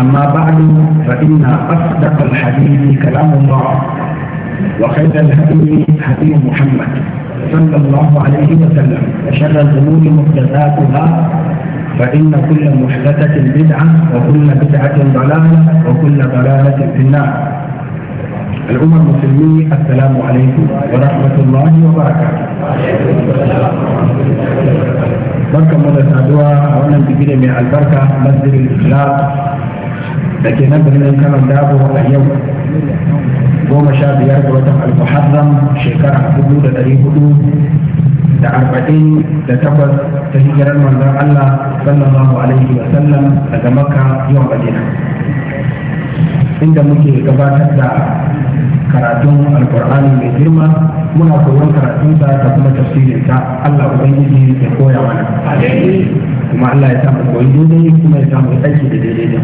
أما بعد فإن أصدق الحديث كلام الله وخير الهدي هدي محمد صلى الله عليه وسلم وشر الأمور محدثاتها فإن كل محدثة بدعة وكل بدعة ضلالة وكل ضلالة في النار الأمة المسلمين السلام عليكم ورحمة الله وبركاته بركة مدى سادوة وانا بجد من البركة مسجد الإسلام da ke nan birnin kanon dabo a yau goma sha biyar ga watan al-muharram shekara dubu da dari hudu da arba'in da takwas ta hijirar manzon Allah sallallahu alaihi wa sallam daga makka zuwa madina inda muke gabatar da karatun alkur'ani mai girma muna koyon karatun sa da kuma tafsirin ta Allah ubangiji ya koya mana kuma Allah ya samu koyi daidai kuma ya samu aiki da daidai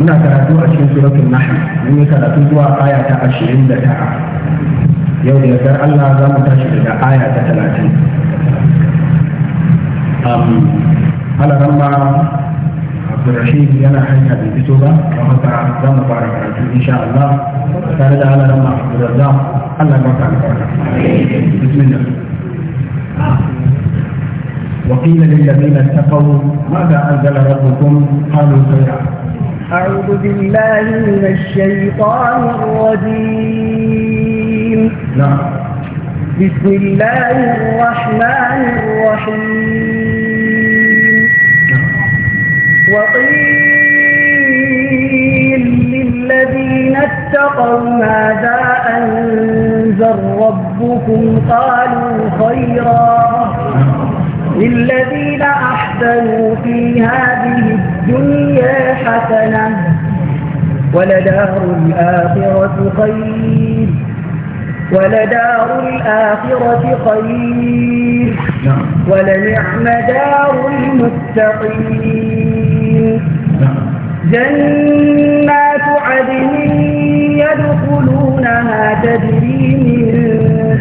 muna karatu a cikin suratul nahl mun yi karatu zuwa aya ta 29 yau da yardar Allah za mu tashi daga aya ta 30 Allah الرشيد يلا حين هذه كتبة كما تعالى الله مبارك إن شاء الله تعالى على الله عبد الرزاق الله بسم الله وقيل للذين اتقوا ماذا أنزل ربكم قالوا خيرا أعوذ بالله من الشيطان الرجيم نعم بسم الله الرحمن الرحيم وقيل للذين اتقوا ماذا أنزل ربكم قالوا خيرا للذين أحسنوا في هذه الدنيا حسنة ولدار الآخرة خير ولدار الآخرة خير نعم. ولنعم دار المتقين جنات عدن يدخلونها تجري من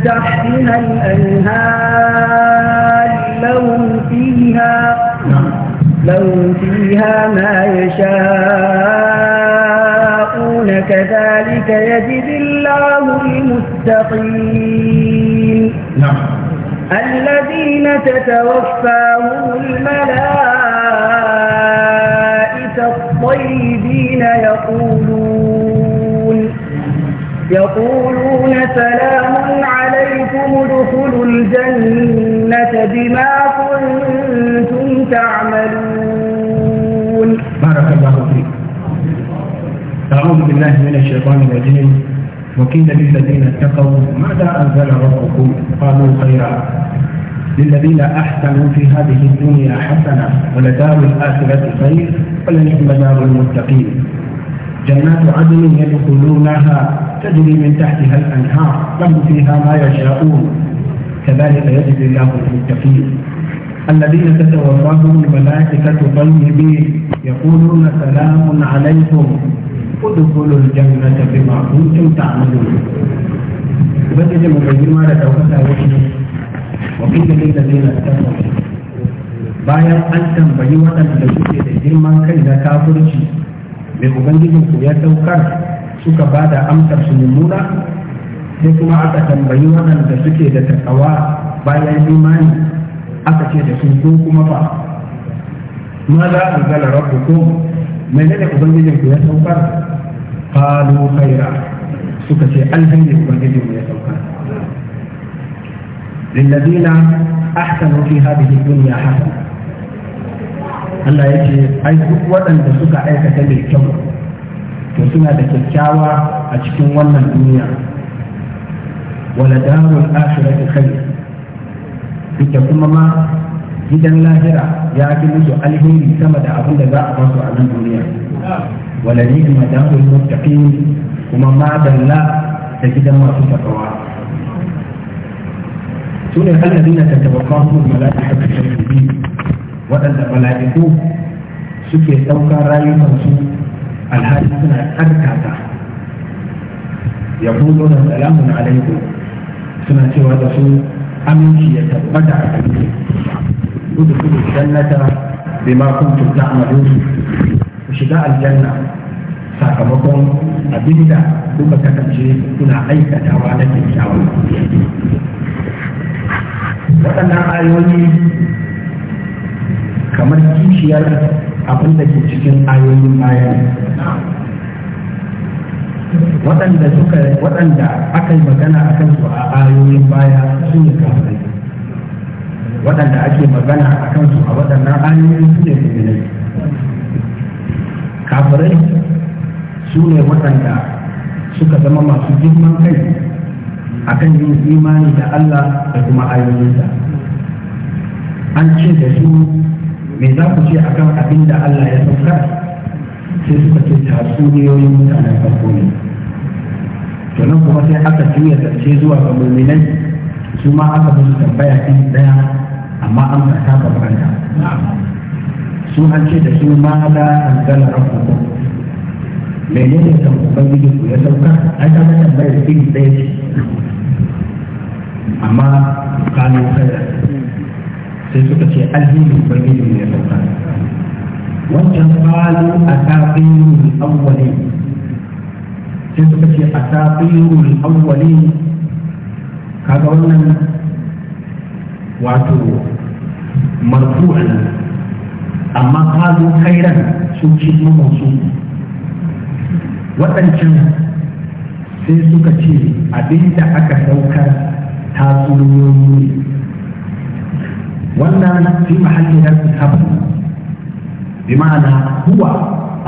تحتها الأنهار لهم فيها نعم. لهم فيها ما يشاءون يتقون كذلك يجد الله المتقين نعم الذين تتوفاهم الملائكة الطيبين يقولون يقولون سلام عليكم ادخلوا الجنة بما كنتم تعملون أعوذ بالله من الشيطان الرجيم وقيل للذين اتقوا ماذا أنزل ربكم قالوا خيرا للذين أحسنوا في هذه الدنيا حسنة ولدار الآخرة خير ولنعم دار المتقين جنات عدن يدخلونها تجري من تحتها الأنهار لهم فيها ما يشاءون كذلك يجزي الله المتقين الذين تتوفاهم الملائكة طيبين يقولون سلام عليكم udkhulul jannata bima kuntum ta'malun ubangiji mai girma da daukaka yake wa kila lil ladina taqaw bayan an tambayi waɗanda suke da girman kai da kafirci mai ubangijin ku ya daukar suka ba da amsar su mummuna sai kuma aka tambayi waɗanda suke da takawa bayan imani aka ce da su ko kuma ba ma za a gala rabu ko menene ubangijin ku ya saukar qalu khaira suka ce alhamdu ubangiji mu ya sauka lilladina ahsanu fi hadhihi dunya hasana Allah ya ce ai duk waɗanda suka aikata mai kyau to suna da kyakkyawa a cikin wannan duniya wala darul akhirati khair duk kuma ma gidan lahira ya fi musu alheri sama da abin da za a basu a nan duniya waladini madanun mutakin kuma madalla da gidan masu takawa su ne halari na tattaba kwanfu malaki a kashin bibi waɗanda malaiku suke ɗaukar rayuwar su alhali suna tsarkata ya buɗo alamun salamun alaiku suna cewa da su aminci ya tabbata a kashin gudu gudu jannata bai ma kuntun ta amalin su ku shiga aljanna sakamakon abin da kuka kasance kuna aikatawa na kyakkyawan waɗannan ayoyi kamar kishiyar abin da ke cikin ayoyin bayan waɗanda suka waɗanda aka yi magana a kansu a ayoyin baya su ne kafirai waɗanda ake magana a kansu a waɗannan ayoyin su ne kuminai kafirai su ne waɗanda suka zama masu girman kai akan yin imani da Allah da kuma ayoyinsa an ce da su me za ku ce akan abin da Allah ya sauka sai suka ce tatsuniyoyin mutanen farko ne to nan kuma sai aka juya ce zuwa ga muminai su ma aka musu tambaya ɗin ɗaya amma an ta bambanta sun hanci da su ma da an gana rabu mene ne kan ubangiji ku ya sauka an ta mata mai iri ɗaya ce amma kano kada sai suka ce alhini ubangiji mu ya sauka wancan kalu a tafiyar awwali sai suka ce a tafiyar awwali kaga wannan wato a nan. amma kazo kairan su ci su waɗancan sai suka ce abinda aka saukar tatsuniyoyi ne wannan fi mahalli na kitabu bi ma'ana huwa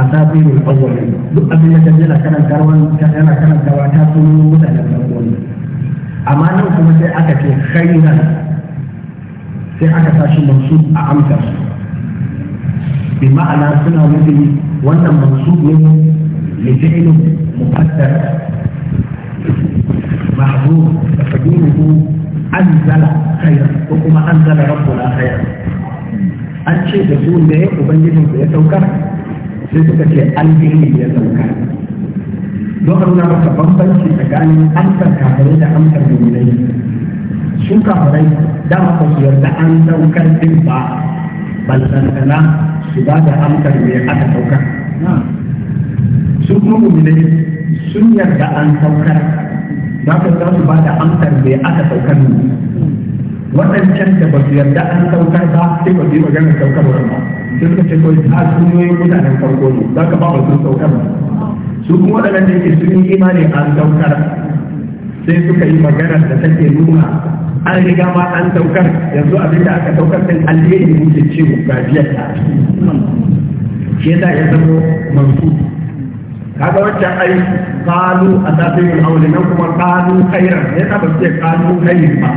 asabir al-awwalin duk abin da kaje na kanan karwan yana kanan kawa ta sunan mutanen farko ne amma nan kuma sai aka ce khairan sai aka sashi mansub a amsar bi ma'ana suna nufin wannan mansub ne li fi'lin muqaddar mahdhur taqdiruhu anzala khayran ko kuma anzala rabbuna khayran an ce da su ne ubangijin ku ya saukar sai suka ce alheri ya saukar don nuna maka bambanci tsakanin amsar kafirai da amsar mummunai su kafirai dama yarda an saukar din ba su ba da amsar me aka saukar su kuma mu'minai sun yarda an saukar za ka za su ba da amsar me aka saukar waɗancan da ba su yarda an saukar ba sai ba su yi maganar saukarwar ba sai suka ce kawai ta sunoyin mutanen farko ne za ka ba ba sun saukar ba su kuma waɗannan da yake sun yi imani an saukar sai suka yi maganar da take nuna an riga ma an saukar yanzu abin da aka saukar din alheri muke ciwo ga biyar ta Ke yasa ya zama mansu kaga wancan ai qalu aure nan kuma qalu khairan ne ta bace qalu khairan ba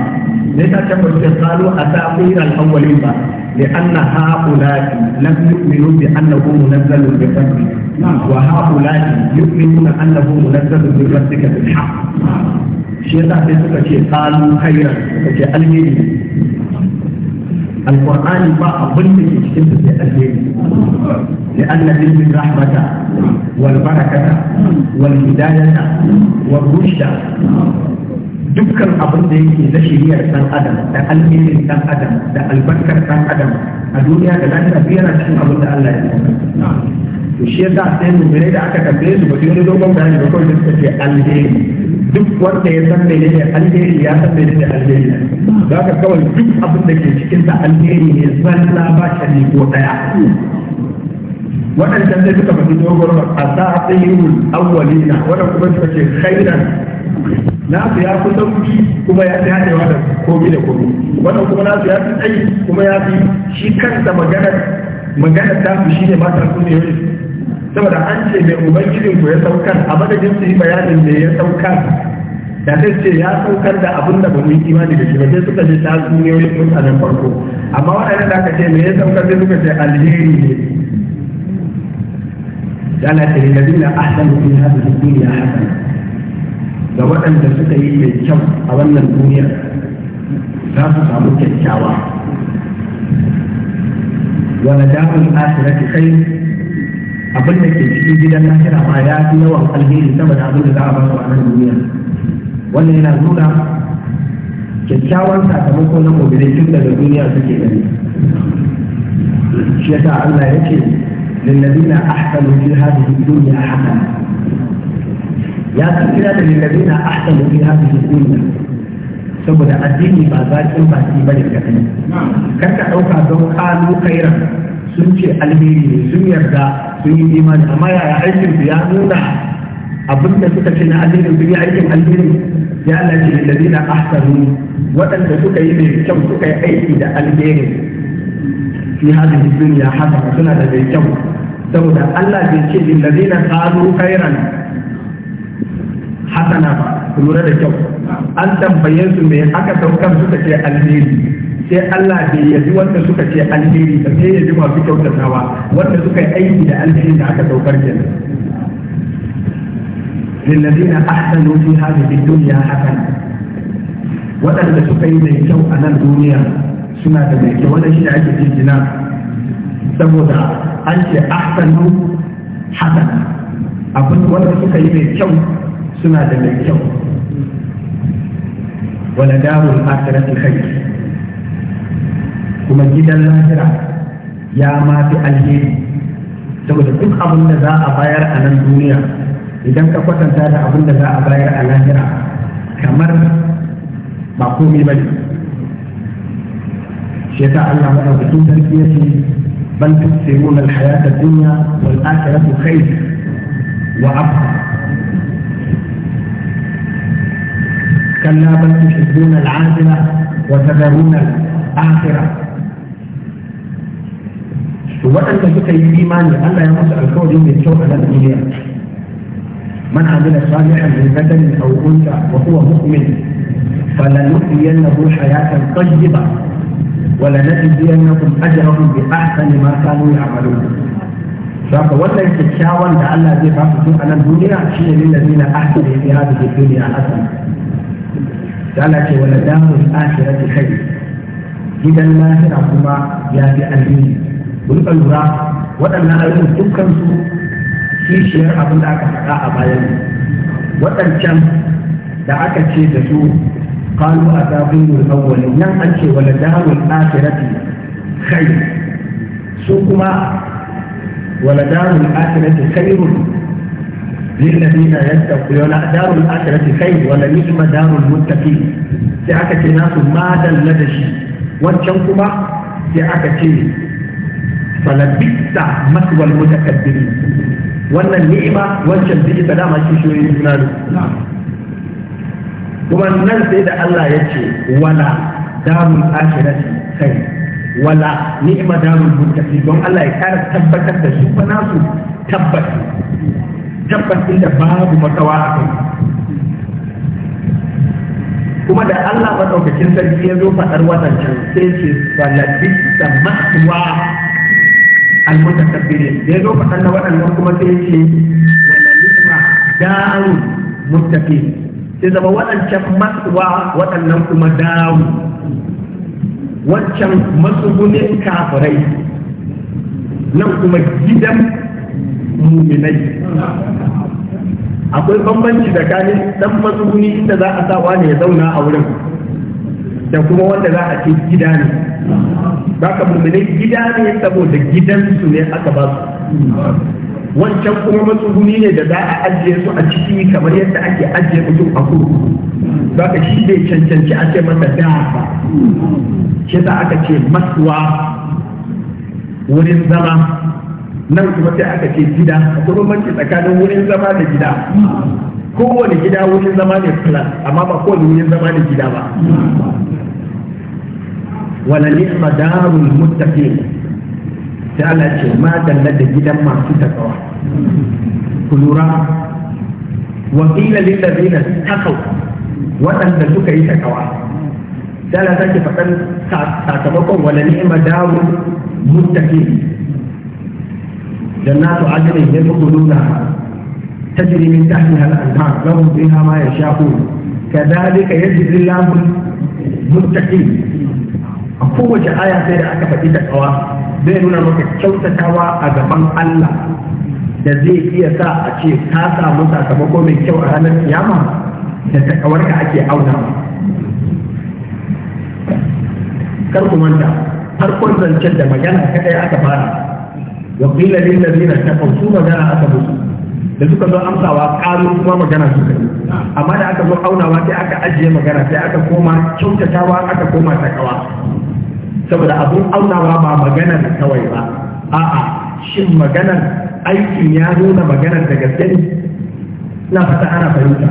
ne ta ta bace qalu asafiul aure ba لأن هؤلاء لم يؤمنوا بأنه منزل بفضله وهؤلاء يؤمنون أنه منزل بفضلك بالحق shi yasa sai suka ce kalu khairan suka ce alheri alqur'ani ba abin da ke cikin su sai alheri لأن العلم الرحمة والبركة والهداية والرشد dukkan abin da yake na shiriyar dan adam da alherin dan adam da albarkar dan adam a duniya da lafiya yana cikin abin da Allah ya yi to shi yasa sai mummune da aka tambaye su ba su yi dogon bayani ba kawai suka ce alheri duk wanda ya san mene ne alheri ya san mene ne alheri za ka kawai duk abin da ke cikin sa alheri ne zalla ba ne ko daya waɗancan sai suka faɗi dogon a sa sa'ayyul awwalina wannan kuma suka ce khairan nasu ya fi sauki kuma ya fi haɗewa da komi da komi wannan kuma nasu ya fi tsayi kuma ya fi shi kansa maganar magana ta shi ne ma ta ne saboda an ce mai ubangijin ku ya saukar a madadin su yi bayanin da ya saukar da ta ce ya saukar da abin da ba yi imani da shi ba sai suka ce ta ku ne wani mutanen farko amma waɗannan da aka ce me ya saukar sai suka ce alheri ne yana da lalazina ahsanu fi hadhihi dunya hasana ga waɗanda suka yi mai kyau a wannan duniyar za su samu kyakkyawa ومدار الآخرة خير أقول لك في جدا الآخرة ما لا تنوى الخير سوى تعبد الله عز وجل الدنيا وأن إلى الأولى كتشاور ساتمكو نقو بريتم لدى الدنيا سكي بني الله يكي للذين أحسنوا في هذه الدنيا حسنة يا سيدنا للذين أحسنوا في هذه الدنيا saboda addini ba zaƙin baki ba ne da kai kar ka ɗauka don kalu kairan sun ce alheri ne sun yarda sun yi imani amma yaya aikin su ya nuna abin da suka ce na alheri sun yi aikin alheri ya lalace da zina ahsanu waɗanda suka yi mai kyau suka yi aiki da alheri fi hadin duniya haka suna da mai kyau saboda Allah bai ce lillazina qalu khairan hasana ba lura da kyau an tambaye su me aka saukar suka ce alheri sai Allah bai yabi wanda suka ce alheri ba sai yabi masu kyautatawa wanda suka yi aiki da alheri da aka saukar kenan للذين أحسنوا في هذه الدنيا حسنة waɗanda suka yi mai kyau a nan duniya suna da mai wanda shi ake jinjina saboda an ce ahsanu hasan abin wanda suka yi mai kyau suna da mai kyau wala darul akhirati khair kuma gidan lahira ya ma fi alheri saboda duk abin da za a bayar a nan duniya idan ka kwatanta da abin da za a bayar a lahira kamar ba komai ba ne shi yasa Allah madaukakin sarki ya ce bal tusiruna alhayata dunya wal akhiratu khair wa abqa كلا بل تحبون العاجلة وتذرون الآخرة وأنت تكيب إيمان أن يمس الكون من الشوء الدنيا من عمل صالحا من بدن أو أنثى وهو مؤمن فلنحيينه حياة طيبة ولنجزينهم أجرهم بأحسن ما كانوا يعملون فاق يتشاور تتشاور لعل هذه بعض الدنيا شيء للذين أحسن في هذه الدنيا أحسن Allah ce wala darul akhirati kai, gidan lahira kuma ya fi alheri mun lura waɗannan ayyukan dukkan su kishiyar abin da aka faɗa a bayan waɗancan da aka ce da su a qalu asabiul awwalin nan an ce wala darul akhirati kai, su kuma wala darul akhirati khairun للذين يتقون دار الآخرة خير ولنعم دار المتقين sai aka ce nasu ma dalla da shi wancan kuma sai aka ce falabista maswal mutakabbirin wannan ni'ima wancan biki da dama shi shoyi suna kuma nan sai da Allah ya ce wala darul akhirati kai wala ni'ma darul don Allah ya kara tabbatar da su fa nasu tabbata tabbas da babu matawa a kai kuma da Allah madaukakin sarki ya zo faɗar waɗancan sai ce falabi da masuwa almutakabbire da ya zo faɗar na waɗannan kuma sai ce da da'un muttaqi sai zama waɗancan masuwa waɗannan kuma da'un wancan masugunin kafirai nan kuma gidan muminai akwai bambanci da tsakanin dan matsuguni inda za a sa wani ya zauna a wurin da kuma wanda za a ce gida ne baka muminai gida ne saboda gidansu ne aka ba su wancan kuma matsuguni ne da za a ajiye su a ciki kamar yadda ake ajiye mutum a kurkuku za ka shi bai cancanci a ce masa da ke shi za aka ce masuwa wurin zama nan kuma sai aka ce gida akwai bambanci tsakanin wurin zama da gida kowane gida wurin zama ne plus amma ba kowane wurin zama da gida ba wala ni'ma darul muttaqin sai Allah ce ma danna da gidan masu takawa ku lura wa qila lil ladina taqaw waɗanda suka yi takawa sai Allah sake faɗan sakamakon wala ni'ma darul muttaqin جنات عدن يدخلونها تجري من تحتها الأنهار لهم فيها ما يشاءون كذلك يجزي الله المتقين kowace aya sai da aka faɗi da kawa zai nuna maka kyautatawa a gaban Allah da zai iya sa a ce ka samu sakamako mai kyau a ranar kiyama da takawarka ake auna kar ku manta har zancen da magana kadai aka fara wa qila lil ladina taqaw su magana aka musu da suka zo amsawa karu kuma magana suka yi amma da aka zo aunawa sai aka ajiye magana sai aka koma kyautatawa aka koma takawa saboda abun aunawa ba magana da kawai ba a'a shin maganar aikin ya nuna maganar da gaske ne na fata ana fahimta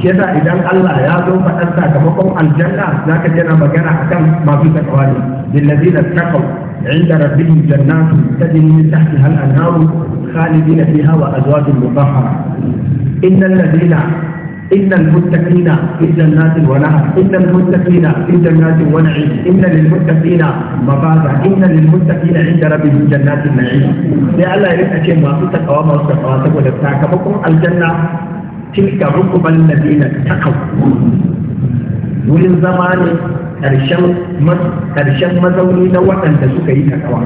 shi yasa idan Allah ya zo faɗar sakamakon aljanna zaka jana magana akan masu takawa ne lillazina taqaw عند ربهم جنات تجري من تحتها الأنهار خالدين فيها وأزواج مطهرة إن الذين إن المتقين في جنات ونهر إن المتقين في جنات ونعيم إن للمتقين مفازا إن للمتقين عند ربهم جنات النعيم sai Allah ya rika ce masu takawa masu takawa saboda sakamakon aljanna tilka rukuban wurin zama ne ƙarshen mazauni na waɗanda suka yi takawa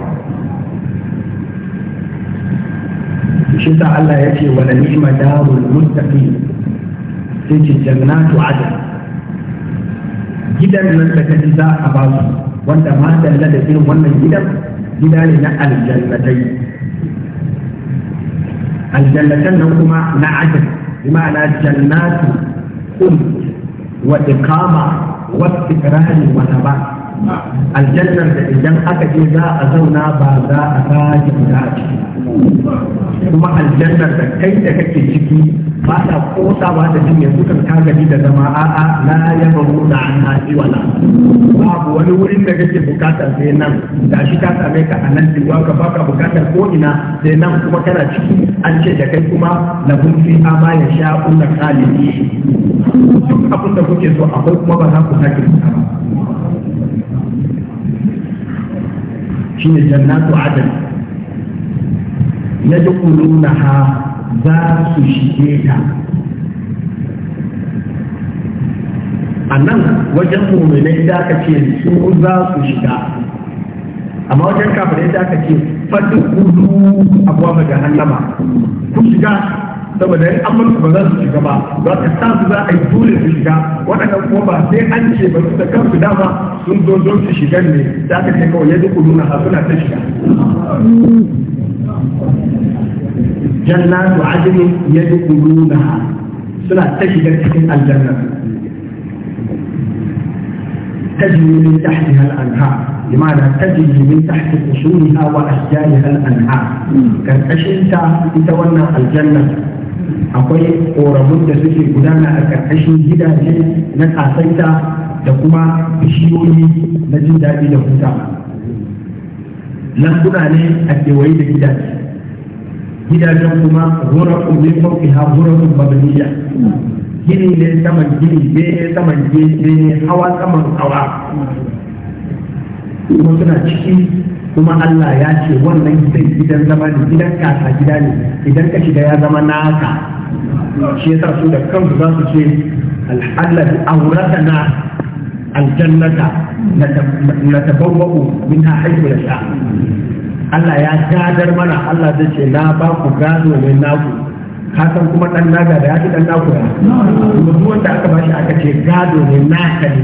shi sa Allah ya ce wa ni'ma darul muttaqin sai ce jannatu adn gidan nan da kaji za a ba su wanda ma dalla da irin wannan gidan gida ne na aljannatai aljannatan nan kuma na adn bi ma'ana jannatu khuld wa iqama wa istiqrari wa nabat Aljannar da idan aka je za a zauna ba za a sake fita a ciki kuma aljannar da kai da kake ciki ba ta kosa ba ta cinye kutan ka da zama a'a na ya babu da an haɗi wala babu wani wurin da kake bukatar sai nan da shi ta same ka a nan cewa ka baka bukatar ko ina sai nan kuma kana ciki an ce da kai kuma na kun fi amma ya sha kunna kalili duk abin kuke so akwai kuma ba za ku sake ba shine jannatu adn yadkhulunaha za su shige ta a nan wajen mummune da aka ce su za su shiga amma wajen kafirai da aka ce faɗi kudu abuwa ga hannama ku shiga saboda in an mutu ba za su shiga ba za ka sa su za a yi dole su shiga waɗannan kuma ba sai an ce ba su da kansu dama sun zo don su shiga ne za ka ce kawai ya duk nuna ha suna ta shiga jannatu adini ya duk nuna suna ta shiga cikin aljanna تجري من تحتها الأنهار لماذا تجري من تحت أصولها وأشجارها الأنهار كالأشنتا تتولى الجنة akwai ƙoramun da suke gudana a ƙarƙashin gidaje na kasaita da kuma bishiyoyi na jin daɗi da huta lambuna ne a kewaye da gidaje gidajen kuma zura ne mafi ha zura sun babaniya gini ne saman gini ne saman gini ne hawa saman hawa kuma suna ciki kuma Allah ya ce wannan gidan gidan zama ne gidan kasa gida ne idan ka shiga ya zama naka shi yasa su da kansu za su ce Allah auratana aljannata na tabawwa'u min ha haifu da sha Allah ya gadar mana Allah zai ce na ba ku gado mai naku ka san kuma dan naga da ya ci dan naku ya kuma wanda aka ba bashi aka ce gado mai naka ne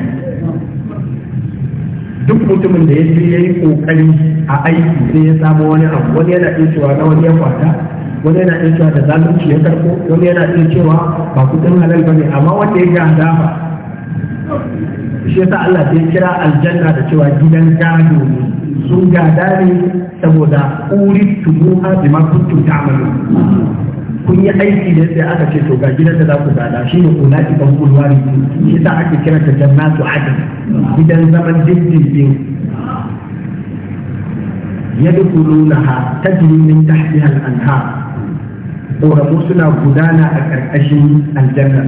duk mutumin da ya je ya yi kokari a aiki sai ya samu wani abu wani yana iya cewa na wani ya kwata wani yana iya cewa da zalunci ya karko wani yana iya cewa ba kudin halal ba ne amma wanda ya ga dafa shi yasa Allah ya kira aljanna da cewa gidan gado ne sun gada ne saboda uritu muha bima kuntum ta'malun kun yi aiki ne sai aka ce to ga gidan da za ku gada shi ne kula ki ban kulwa shi sa ake kira ta jannatu adin gidan zaman dindindin yadkhulunaha tajri min tahtiha al-anhar ƙoramu suna gudana a ƙarƙashin aljanna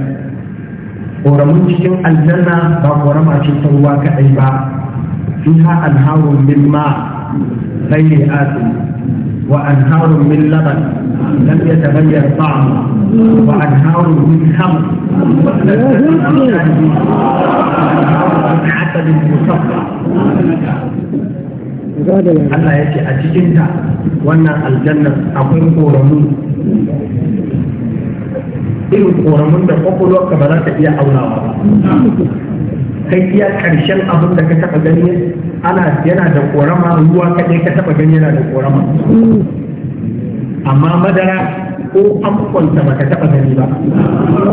ƙoramun cikin aljanna ba ƙorama ce ta ruwa kaɗai ba fiha anharun min ma ghairi وأنهار من لبن لم يتغير طعمه وأنهار من خمر وأنهار من عسل مصفى Allah ya ce a cikinta wannan aljannar akwai koramu irin koramun da kwakwalwarka ba za ta iya aunawa ba kai iya karshen abin da ka taɓa gani ana yana da korama ruwa kaɗai ka taɓa gani yana da korama amma madara ko amfanta ta ka taɓa gani ba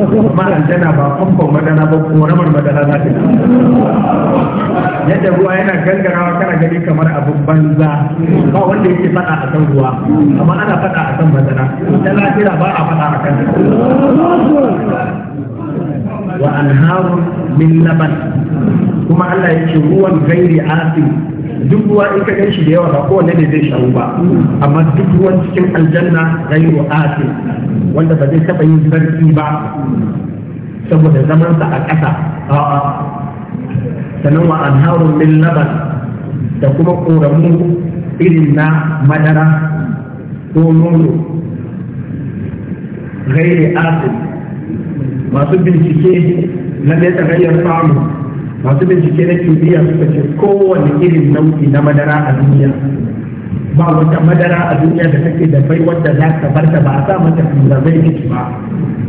amma aljana ba amfan madara ba koramar madara za ta yadda ruwa yana gangarawa kana gani kamar abin banza ba wanda yake faɗa a kan ruwa amma ana faɗa a kan madara ta lafiya ba a faɗa a kan wa anharun min laban kuma Allah ya ce ruwan gairi asin duk ruwa in ka gan shi da yawa ba kowanne ne zai shawo ba amma duk ruwan cikin aljanna gairu asin wanda ba zai taɓa yin sarki ba saboda zamansa a ƙasa a'a sannan wa anharun min laban da kuma ƙoramu irin na madara ko nono gairi asin masu bincike na ne tsagayyar samu masu bincike na kimiyya suka ce kowane irin nau'i na madara a duniya ba wata madara a duniya da take da bai wadda za ta bar ta ba a sa mata zai ba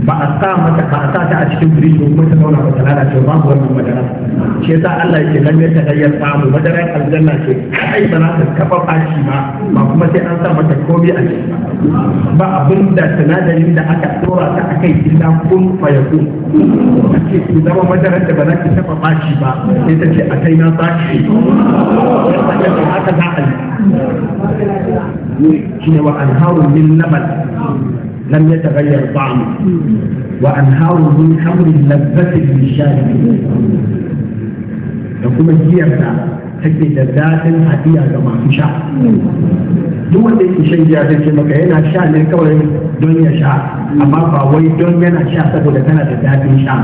ba a sa mata ba sa ta a cikin firiji kuma ta zauna ba ta lalace ba ku wannan madara Ke yasa Allah yake nan ta hanyar samu madara aljanna ce kai ba za ta kafa fashi ba ba kuma sai an sa mata komai a ciki ba abin da sinadarin da aka dora ta akai illa kun fayakun ce ku zama madarar da ba za ki taba fashi ba sai ta ce a akai na fashi haka za a yi shi ne wa alharun min laban لم يتغير طعمه وانهار من خمر لذة للشارب لكم الجيرة تجد ذات حتية كما في شعر دون ذلك الشيء يا ذلك المكة هنا الشعر من كوره دنيا شعر أما فهوي دنيا نعم. الشعر تقول لنا ذات الشعر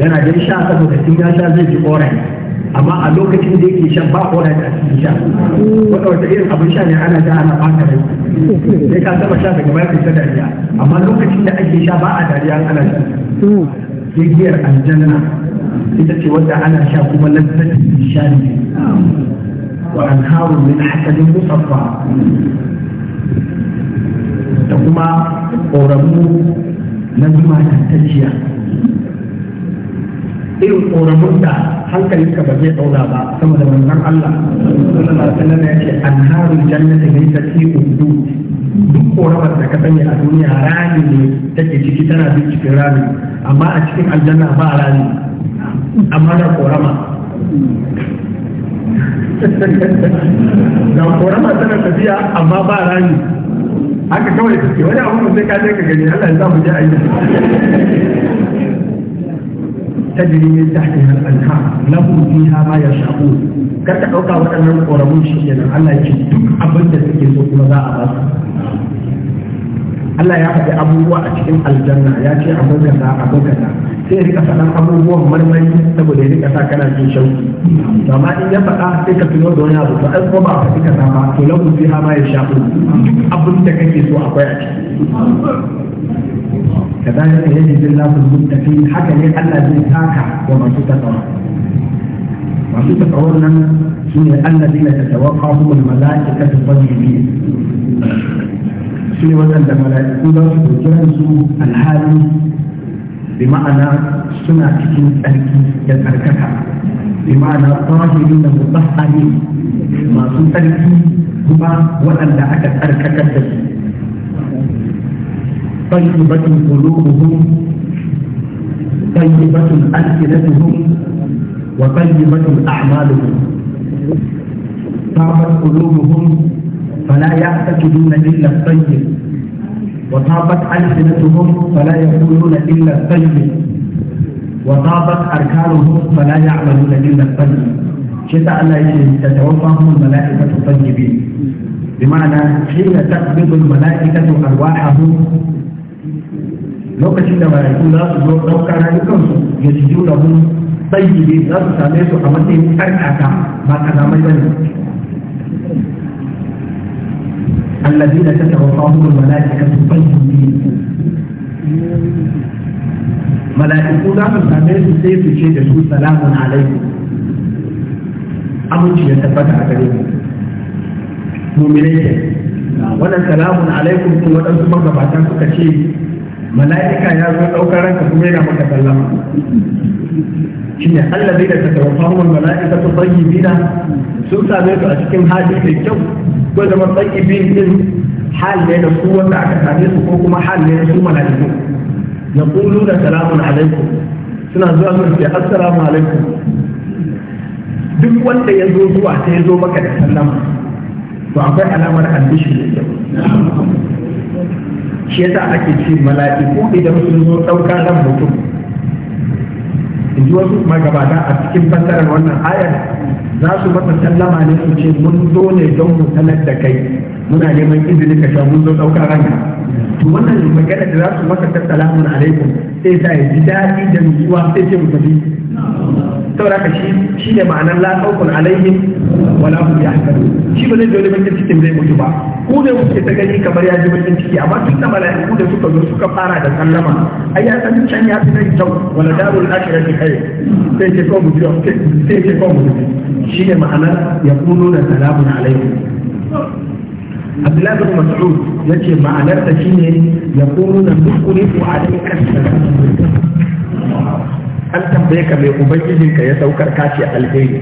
لنا جل شعر تقول لنا ذات الشعر amma a lokacin da yake shan ba kowa da cikin sha wata wata irin abin sha ne ana da ana baka rai sai ka saba sha daga bayan fita dariya amma lokacin da ake sha ba a dariya ana sha gigiyar aljanna ita ce wadda ana sha kuma lantarki sha ne wa an haru min hasadin musaffa da kuma ƙoramu na zuma tantanciya. irin tsoron da hankalinka ba zai ɗaura ba sama da wannan Allah sallallahu alaihi wasallam ya ce anharul jannati min tafi udu duk koramar da ka sani a duniya rami ne take ciki tana bin cikin rami amma a cikin aljanna ba rami amma da korama da korama tana tafiya amma ba rami haka kawai take wani abu da sai ka je ka gani Allah ya sa mu je a yi tajri min tahtiha al-anhar lahum fiha ma yasha'un kar ka dauka waɗannan ƙoramun shi kenan Allah ya ce duk abin da suke so kuma za a ba su Allah ya faɗi abubuwa a cikin aljanna ya ce abin kaza abin kaza sai rika faɗan abubuwan marmari saboda ya rika sa kana jin shauki to amma in ya fad'a sai ka tuno da wani abu to ai ko ba a faɗi kaza ba to lahu fiha ma yasha'un duk abin da so akwai a ciki كذلك يجد الله في المتقين حتى ليه ألا يتاكع وما تتقوى ما تتقوى لنا سنة الذين تتوقعهم الملائكة الطيبين سنة وزن الملائكة وجنسوا الحال بمعنى سنة تكين تركي يتركها بمعنى طاهرين مطهرين ما تتركي هما وأن لا أكد أركك طيبة قلوبهم طيبة ألسنتهم وطيبة أعمالهم طابت قلوبهم فلا يعتقدون إلا الطيب وطابت ألسنتهم فلا يقولون إلا الطيب وطابت أركانهم فلا يعملون إلا الطيب شتاء الله تتوفاهم الملائكة الطيبين بمعنى حين تقبض الملائكة أرواحهم lokacin da mala'iku za su zo ɗauka su ya ji juna hun tsayyide za su same su a matsayin ƙarƙata ba ka kalamai ba ne الذين تتوفاهم الملائكة طيبين mala'iku za su same su sai su ce da su salamun alaikum aminci ya tabbata a gare mu mu'minai ke wannan salamun alaikum ko waɗansu magabatan suka ce mala'ika ya zo ɗaukar ranka kuma yana maka sallama shi ne Allah zai da ta tawafa mun mala'ika ta tsayi bina sun same su a cikin hali mai kyau ko zama tsayi bin din hal ne da su wanda aka same su ko kuma hal ne da su mala'iku ya kulu da salamun alaikum suna zuwa su ce assalamu alaikum duk wanda ya zo zuwa ta ya zo maka da sallama to akwai alamar albishi ne kyau shi yasa ake ce mala'iku idan sun zo ɗauka nan mutum in ji wasu magabata a cikin fassarar wannan ayar za su masa sallama ne su ce mun zo ne don mu sanar da kai muna neman izini ka sha mun zo ɗaukar ranka to wannan magana da za su maka ta salamun alaikum sai sa ya ji daɗi da nutsuwa sai ce mu tafi saboda ka shi shi ne ma'anar la ɗaukar alaihim wala hum yahzanun shi ba zai dole bakin cikin zai mutu ba ku ne kuke ta gani kamar ya ji bakin ciki amma duk da mala'iku da suka zo suka fara da sallama ai ya san can ya fi nan kyau wala darul akhirati khair sai ke ko mu sai ke ko mu shi ne ma'anar ya kunu da salamun alaikum abdullahi bin mas'ud yace ma'anar ta shine ya kunu na dukuri ko alayka an tambaye ka mai ubangijin ka ya saukar kashi alheri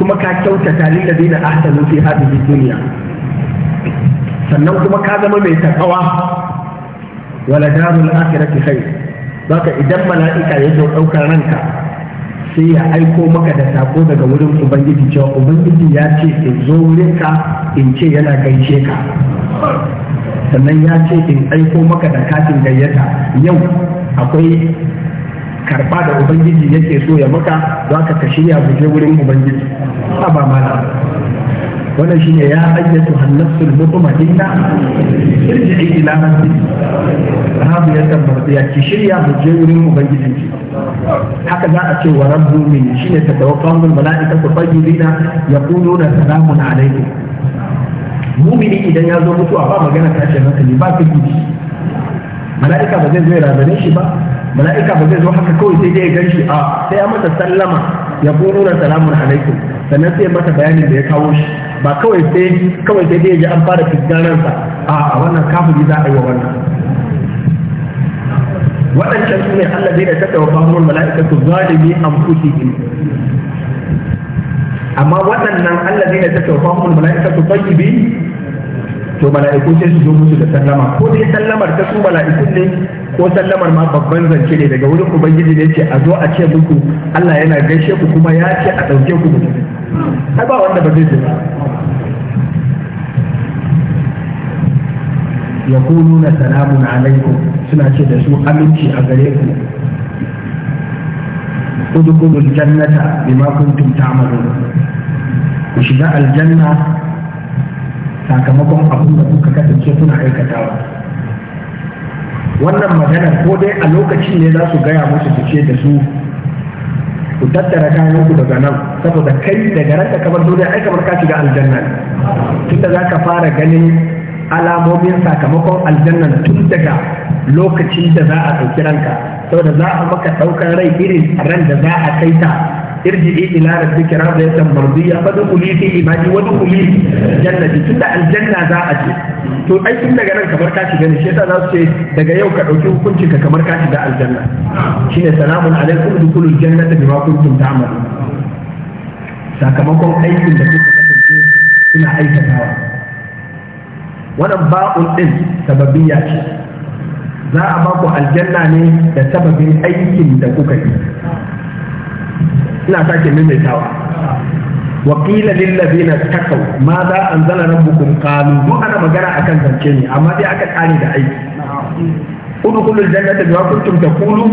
kuma ka kyautata lil ladina ahsanu fi hadhihi dunya sannan kuma ka zama mai takawa wala darul akhirati khair baka idan mala'ika ya zo daukar ranka sai ya aiko maka da sako daga wurin ubangiji cewa ubangiji ya ce in zo wurinka in ce yana gaishe ka sannan ya ce in aiko maka da katin gayyata yau akwai karba da ubangiji yake so ya maka za ka ka shirya guje wurin ubangiji ba ba mala wannan shi ne ya ayyatu hannasul mutmainna irji'i ila rabbi rabu ya tabbata ya ki shirya guje wurin ubangiji haka za a ce wa rabbu min shine tatawaqqahu malaikatu tayyibina yaquluna salamun alaykum mumini idan ya zo mutuwa ba magana tashin hankali ba ta gudu mala'ika ba zai zo ya razane shi ba mala'ika ba zai zo haka kawai sai dai ya gan shi a sai ya masa sallama ya koro na salamun alaikum sannan sai masa bayanin da ya kawo shi ba kawai sai kawai sai dai ya ji an fara fiskanarsa a wannan kafiri za a yi wa wannan waɗancan su ne Allah zai da tattawa fahimun mala'ikatu zalimi an fusi amma waɗannan mala'ika su malaikatu bi to mala'iku sai su zo musu da sallama ko dai sallamar ta su mala'iku ne ko sallamar ma babban zance ne daga wurin ubangiji ne ce a zo a ce muku Allah yana gaishe ku kuma ya ce a ɗauke ku ai ba wanda ba zai zo ya kununa salamun alaikum suna ce da su aminci a gare ku udkhulu al bima kuntum ta'malun ku shiga aljanna sakamakon abin da kuka kasance kuna aikatawa wannan magana ko dai a lokacin ne za su gaya musu su ce da su ku tattara kayan ku daga nan saboda kai daga ranka kamar dole ai kamar ka shiga aljanna tunda za ka fara ganin alamomin sakamakon aljanna tun daga lokacin da za a ɗauki ranka saboda za a maka ɗaukar rai irin ran da za a kai ta irji ila rabbika radiyatan mardiya fa dukhuli fi wani wa janna. jannati tunda aljanna za a je to ai tun daga nan kamar ka shiga ne shaytan za su ce daga yau ka ɗauki hukuncin ka kamar ka shiga aljanna Shi ne salamun alaikum dukhulul jannata bima kuntum ta'malun sakamakon aikin da kuka kasance suna aikatawa wannan ba'un din sababiyya ce za a ba ku aljanna ne da sababin aikin da kuka yi ina sake maimaitawa wakila lillazina takaw ma za zana rabbukum qalu duk ana magana akan zance ne amma dai aka kare da aiki udkhulul jannata bima kuntum taqulu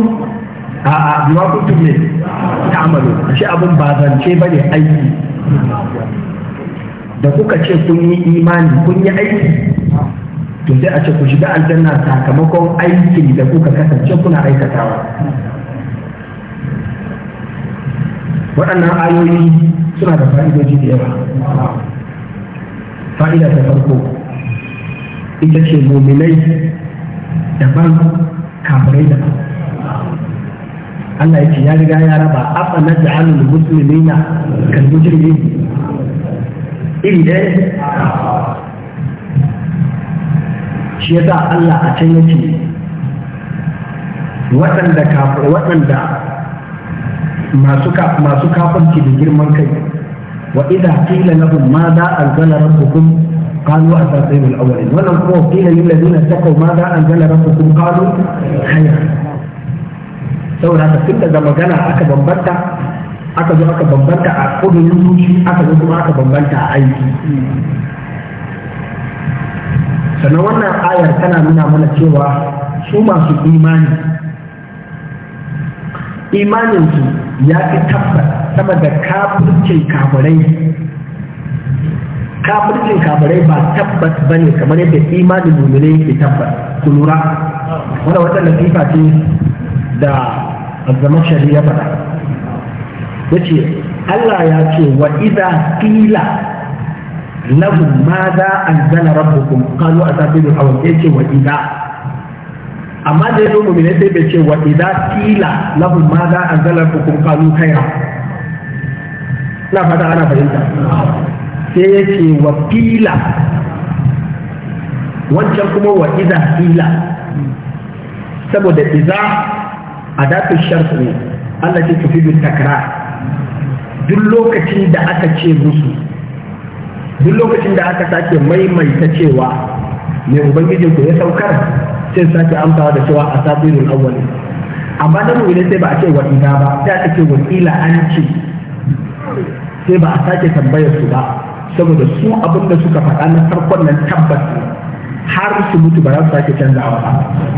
a a bima kuntum ne Ta ta'malu shi abun ba zance bane aiki da kuka ce kun yi imani kun yi aiki Tun a ce ku shiga aljanna sakamakon aikin da kuka kasance kuna aikatawa waɗannan ayoyi suna da fa'idoji da yawa fa'ida ta farko ita ce mominai daban kamarai daban Allah ya ce ya riga ya raba afa na musulmi na kan jirgin iri ɗaya shi yasa Allah a can yake waɗanda kafir waɗanda masu masu kafirci da girman kai wa idza qila lahum ma za anzala rabbukum قالوا أساطير الأولين ولم قيل للذين اتقوا ماذا أنزل ربكم قالوا خيرا saboda haka tun daga magana aka bambanta aka zo aka bambanta a kudin zuci aka zo kuma aka bambanta a aiki sannan wannan ayar tana nuna mana cewa su masu imani imaninsu ya fi tabbas sama da kafircin kafirai kafircin kafirai ba tabbas ba ne kamar yadda imanin mummune yake tabbas ku lura wanda wata latifa ce da azamar shari'a ba ya ce Allah ya ce wa iza fila lahum ma za anzala rabbukum qalu asatirul awwal yace wa idza amma da mu mu'mine sai bai ce wa idza qila lahum ma za anzala rabbukum qalu kaira. na fata ana fahimta sai yace wa qila wancan kuma wa idza qila saboda idza adatu shart ne Allah ce tufidu takara, duk lokacin da aka ce musu duk lokacin da aka sake maimaita cewa mai ubangijin ku ya saukar sai sake amsawa da cewa a sabirin awwali amma da mu sai ba a ce wa ina ba sai aka ce wakila an ce sai ba a sake tambayar su ba saboda su abin da suka faɗa na farkon nan tabbas har su mutu ba za su sake canzawa ba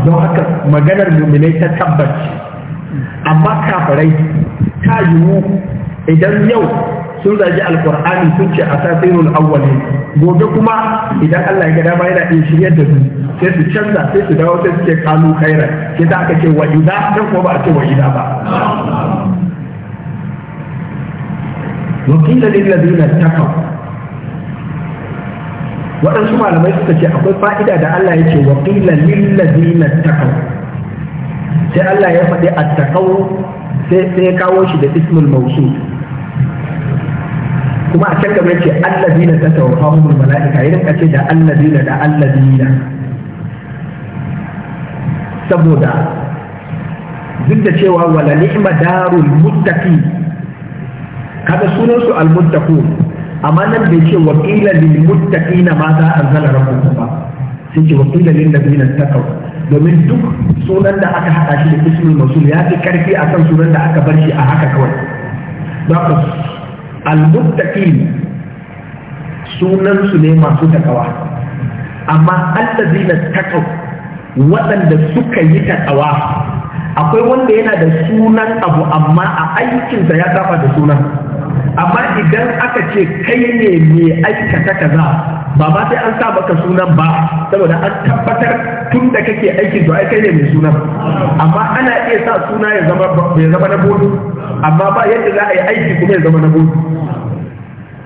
don haka maganar muminai ta tabbaci amma kafirai ta yiwu idan yau sun zagi alkur'ani sun ce a sasirul awwali gobe kuma idan Allah ya ga dama yana iya shiryar da su sai su canza sai su dawo sai su ce kalu khairan sai da aka ce wa idza dan kuma ba a ce wa idza ba wa qila lil ladina taqaw waɗansu malamai suka ce akwai fa'ida da Allah ya ce wa qila lil ladina taqaw sai Allah ya faɗi at-taqaw sai sai kawo shi da ismul mawsul kuma a can gaba ce allazina ta tawafahumul mala'ika yi rinka ce da allazina da allazina saboda duk da cewa wala ni'ma darul muttaqi kada sunan su al muttaqun amma nan bai ce wa qila lil muttaqina ma za a zala rabbukum ba sai ce wa qila lil ladina taqaw domin duk sunan da aka haɗa shi da ismul masul ya fi karfi akan sunan da aka bar shi a haka kawai al-muttaqin sunan su ne masu takawa amma allazina taqaw waɗanda suka yi takawa akwai wanda yana da sunan abu amma a aikinsa ya saba da sunan amma idan aka ce kai ne mai aikata kaza ba ma sai an sa maka sunan ba saboda an tabbatar tun da kake aiki to ai kai ne mai sunan amma ana iya sa suna ya zama bai zama na bodu amma ba yadda za a yi aiki kuma ya zama na bodu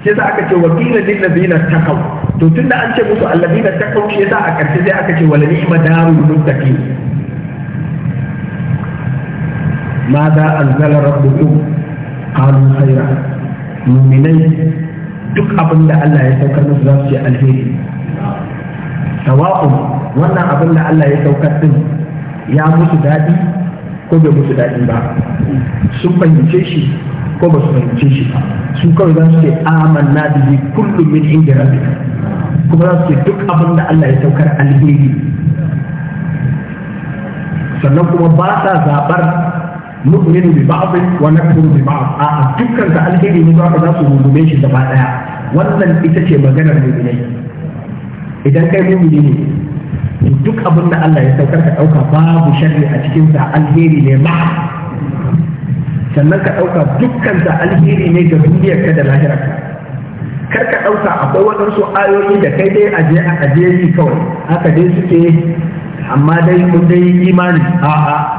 shi yasa aka ce wa qila lil ladina taqaw to tunda an ce musu alladina taqaw shi yasa a karshe sai aka ce wala ni'ma darul muttaqin ماذا أنزل ربكم قالوا خيرا muminai duk abin da Allah ya saukar musu za su ce alheri sawa'un wannan abin da Allah ya saukar din ya musu daɗi ko bai musu daɗi ba sun fahimce shi ko ba su fahimce shi ba su kawai za su ce amanna bihi kullu min inda rabbika kuma za su ce duk abin da Allah ya saukar alheri sannan kuma ba sa zaɓar nu'minu bi ba'd wa nakfuru bi ba'd a dukkan ka alheri ne ba za su rungume shi gaba daya wannan ita ce maganar mu'minai idan kai mu'mini ne to duk abin da Allah ya saukar ka dauka babu sharri a cikin sa alheri ne ba. sannan ka dauka dukkan sa alheri ne ga duniyar ka da lahirar ka kar ka dauka akwai waɗansu ayoyi da kai dai aje a aje kawai haka dai suke amma dai mun dai imani a'a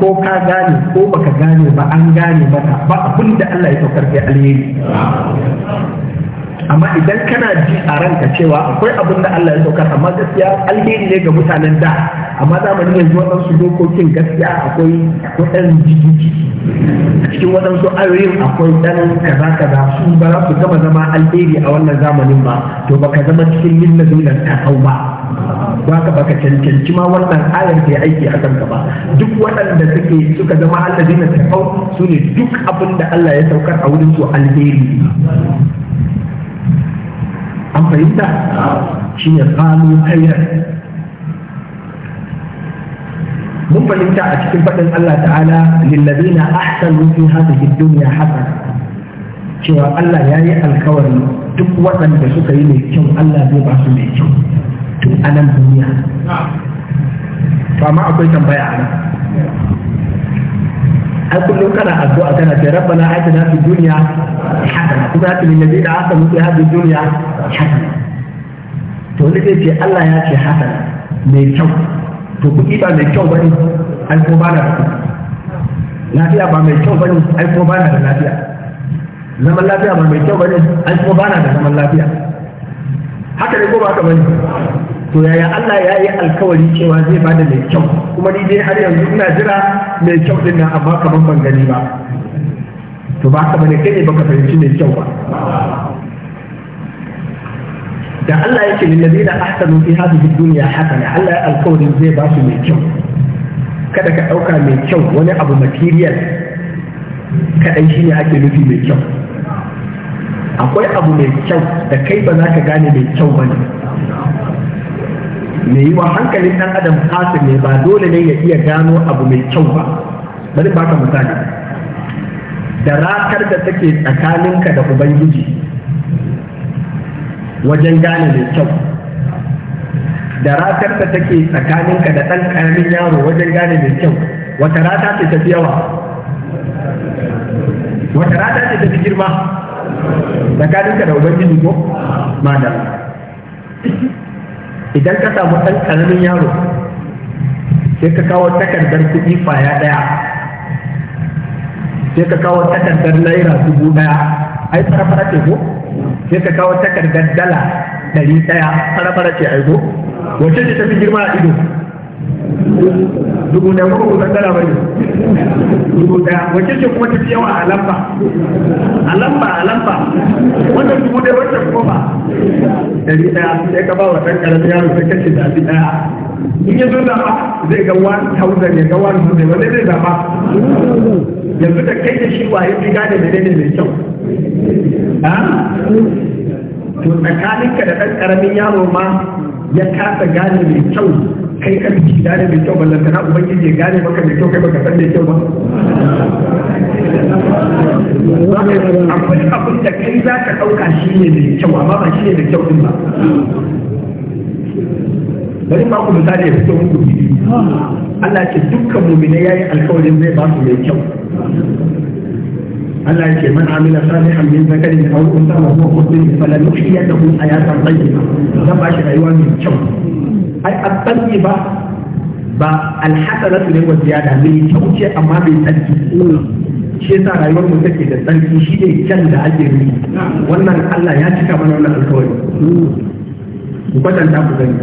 ko ka gane ko baka gane ba an gane maka ba abin da Allah ya saukar kai alheri amma idan kana ji a ranka cewa akwai abin da Allah ya saukar amma gaskiya alheri ne ga mutanen da amma zamanin yanzu waɗansu dokokin gaskiya akwai waɗan jijiji cikin waɗansu ayoyin akwai ɗan kaza kaza su ba za su gama zama alheri a wannan zamanin ba to baka zama cikin millalin ta ba ba ka baka cancanci ma wannan ayar da aiki a kanka ba duk waɗanda suke suka zama allazi na tafau su ne duk abin da Allah ya saukar a wurin su alheri an fahimta shi ne falo kairar mun fahimta a cikin faɗin Allah ta'ala lillazina ahsanu fi hadhihi dunya hasana cewa Allah ya yi alkawarin duk waɗanda suka yi mai kyau Allah zai ba su mai kyau anan a nan duniya to amma akwai tambaya a nan A kullum kana addu'a kana ce rabbana na fi duniya hasana kuma ya tilin nabi da aka mutu ya fi duniya hasana to wani zai ce Allah ya ce hasana mai kyau to kuɗi ba mai kyau bane ai ko ba na da kuɗi lafiya ba mai kyau bane ai ko ba na da lafiya zaman lafiya ba mai kyau bane ai ko ba na da zaman lafiya haka ne ko ba haka bane to yaya Allah ya yi alkawari cewa zai bada mai kyau kuma ni dai har yanzu ina jira mai kyau din nan amma kaman ban gani ba to ba ka bane kai ne baka fahimci mai kyau ba da Allah yake lil ladina ahsanu fi hadhihi dunya ne, Allah ya alkawari zai ba su mai kyau kada ka dauka mai kyau wani abu material kadan shine ake nufi mai kyau akwai abu mai kyau da kai ba za ka gane mai kyau ba ne yi yiwa hankalin ɗan adam kasu ne ba dole ne ya iya gano abu mai kyau ba bari baka misali da ratar da take tsakaninka da ubangiji wajen gane mai kyau da ratar da take tsakaninka da ɗan ƙaramin yaro wajen gane mai kyau wata rata ce tafi yawa wata rata ce tafi girma tsakaninka da ubangiji ko madalla idan ka samu ɗan ƙaramin yaro sai ka kawo takardar kuɗi faya ɗaya sai ka kawo takardar naira dubu ɗaya ai fara ce ko sai ka kawo takardar dala ɗari ɗaya fara ce ai ko wacce ce ta fi girma a ido dubu da kuma kusan dala bane dubu da wace ce kuma tafi yawa a lamba a lamba a lamba wannan dubu da wacce kuma ba dari daya sai ka ba wa ɗan ƙaramin yaro sai kashe da abi daya in ya zo zaɓa zai ga wani thousand ya ga wani hundred wanda zai zama? yanzu da kai da shi waye fi gane da dai mai kyau to tsakaninka da ɗan ƙaramin yaro ma ya kasa gane mai kyau kai ka fi gane mai kyau ballanta na ubangiji ya gane maka mai kyau kai baka san mai kyau ba akwai abin da kai za ka ɗauka shi ne mai kyau amma ba shi ne mai kyau din ba bari ma ku misali ya fito muku Allah ce dukkan mumina yi alkawarin zai ba su mai kyau Allah ya ce man amila salihan min zakarin aw unsa wa huwa mu'min falanahyiyannahu hayatan tayyiba zan ba shi rayuwa mai kyau ai azzalli ba ba su ne wa ziyada mai kyau ce amma bai tsarki shi yasa rayuwar mu take da tsarki shi ne kyan da ake yi wannan Allah ya cika mana wannan alkawari ku kwatanta ku gani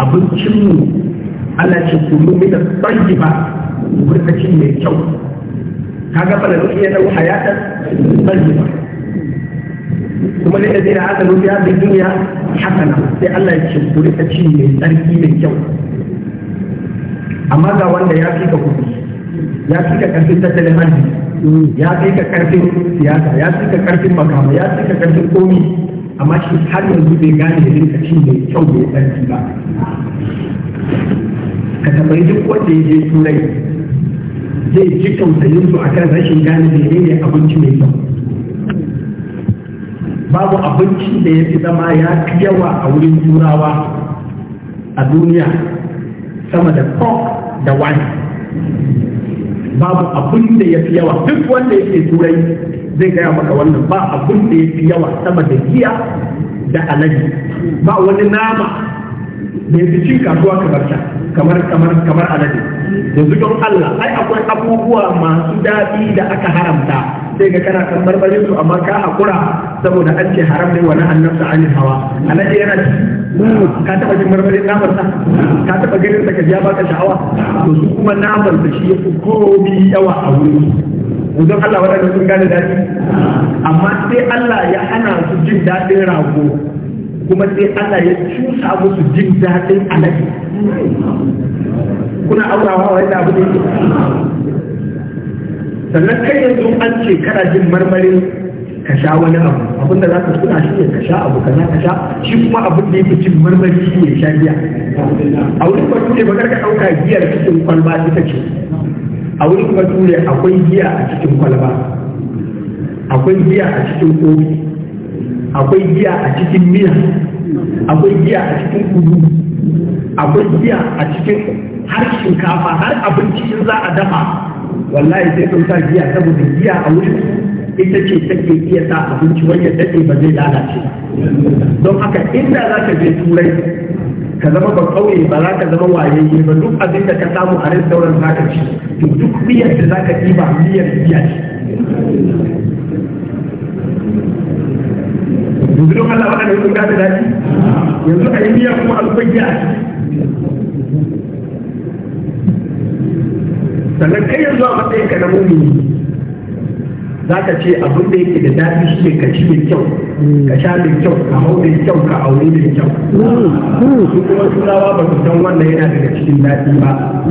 abincin mu Allah ce ku mu da tsarki ba gurbaci mai kyau kaga fa da ya dau hayatan tsarki ba kuma ne da zai da haka rufiya da duniya hasana sai Allah ya ce ku rika ci mai tsarki mai kyau amma ga wanda ya fi ka kudi ya fi ka karfin tattalin arziki ya fi ka karfin siyasa ya fi ka karfin makama ya fi ka karfin komi amma shi har yanzu bai gane da rinka ci mai kyau mai tsarki ba ka tambayi duk wanda ya je turai zai ji tausayin su akan rashin gane da ne abinci mai kyau babu abinci da ya fi zama ya fi yawa a wurin turawa a duniya sama da pork da wine babu abin da ya fi yawa duk wanda ya yake turai zai gaya maka wannan ba abin da ya fi yawa sama da giya da alaji ba wani nama da ya fi cin kasuwa kamar ta kamar kamar kamar alade yanzu don Allah ai akwai abubuwa masu daɗi da aka haramta sai ga kana kan barbarin su amma ka hakura saboda an ce haram ne wani annabta an hawa alade yana ci ka taɓa jin barbarin namar sa ka taɓa ganin sa ka ji baka sha'awa to su kuma namar da shi ya fi komi yawa a wurin don Allah waɗanda sun gane daɗi amma sai Allah ya hana su jin daɗin rago kuma sai Allah ya cusa musu jin daɗin alaƙi. kuna aurawa wa yadda abu ne sannan kai yanzu an ce kana jin marmarin ka sha wani abu abinda za ka suna shi ne ka sha abu ka ka sha shi kuma abin da yake cin marmari shi ne sha giya a wurin ne ba ka ɗauka giyar cikin kwalba ita ce a wurin ne akwai giya a cikin kwalba akwai giya a cikin kofi akwai giya a cikin miya akwai giya a cikin kudu akwai giya a cikin har shinkafa har abinci in za a dafa wallahi sai sun sa giya saboda giya a wurin ita ce take iya sa abinci wanda daɗe ba zai lalace don haka inda za ka je turai ka zama ba kauye ba za ka zama wayayye ba duk abin da ka samu a sauran za ka ci to duk miyar da za ka ɗiba miyar giya ce yanzu don Allah wani yanzu ga da daji yanzu a yi biya kuma alfayya sannan kai yanzu a matsayin ka na mumini za ka ce abin da yake da dadi shi ne ka ci mai kyau ka sha mai kyau ka hau mai kyau ka aure mai kyau su kuma turawa ba su san wannan yana daga cikin dadi ba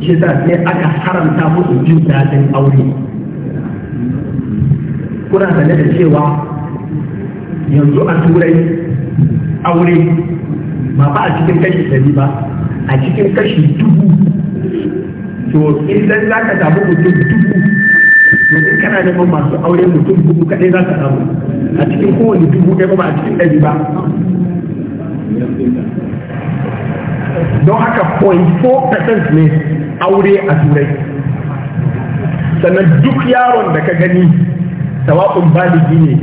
shi sa sai aka haramta musu jin dadin aure kuna sane da cewa yanzu a turai aure ba ba a cikin kashi ɗari ba a cikin kashi dubu to idan za ka samu mutum dubu domin kana neman masu aure mutum dubu kaɗai za ka samu a cikin kowane dubu ɗaya ba a cikin ɗari ba don haka 0.4% ne aure a turai sannan duk yaron da ka gani sawa'un baligi ne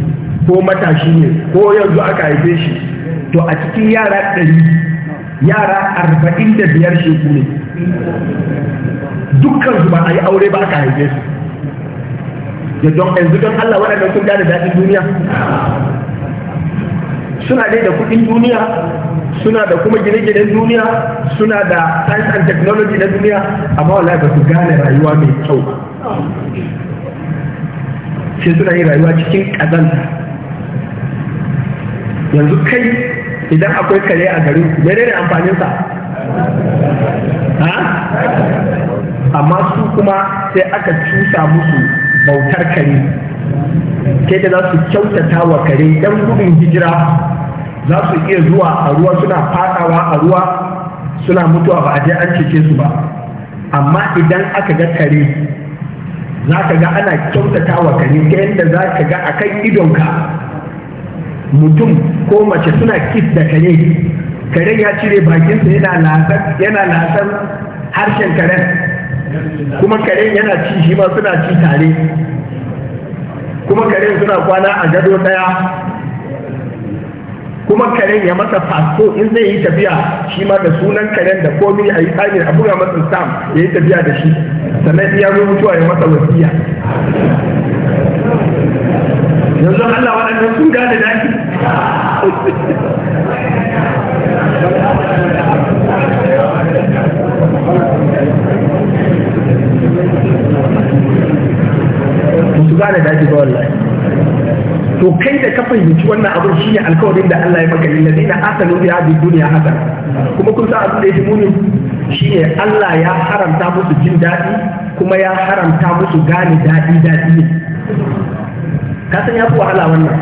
ko matashi ne ko yanzu aka haife shi to a cikin yara ɗari yara arba'in da biyar sheku ne dukkan su ba a yi aure ba aka haife su da don yanzu don Allah waɗannan sun gane daɗin duniya suna dai da kuɗin duniya suna da kuma gine-ginen duniya suna da science and technology na duniya amma wala ba su gane rayuwa mai kyau sai suna yin rayuwa cikin ƙazanta yanzu kai idan akwai kare a garin ku ne amfaninsa amma su kuma sai aka cusa musu bautar kare kai da za su kyautata wa kare yan gudun hijira za su iya zuwa a ruwa suna fadawa a ruwa suna mutuwa ba a je an cece su ba amma idan aka ga kare za ka ga ana kyautata wa kare ta yadda za ka ga a kan idonka mutum ko mace suna kif da kare kare ya cire bakinsa yana lasar yana lasar harshen karen kuma karen yana ci shi ma suna ci tare kuma karen suna kwana a gado daya kuma karen ya masa fasfo in zai yi tafiya shi ma da sunan karen da komai a yi tsamin a buga masa sam ya yi tafiya da shi sannan ya zo mutuwa ya masa wasiya yanzu Allah waɗannan sun gane da gane da ba wallahi to kai da ka fahimci wannan abin ne alkawarin da Allah ya maka yi lil Na asalin bi duniya duniya haka. kuma kun sa abin da fi muni ne Allah ya haramta musu jin daɗi kuma ya haramta musu gane daɗi daɗi ne ka san ya fi wahala wannan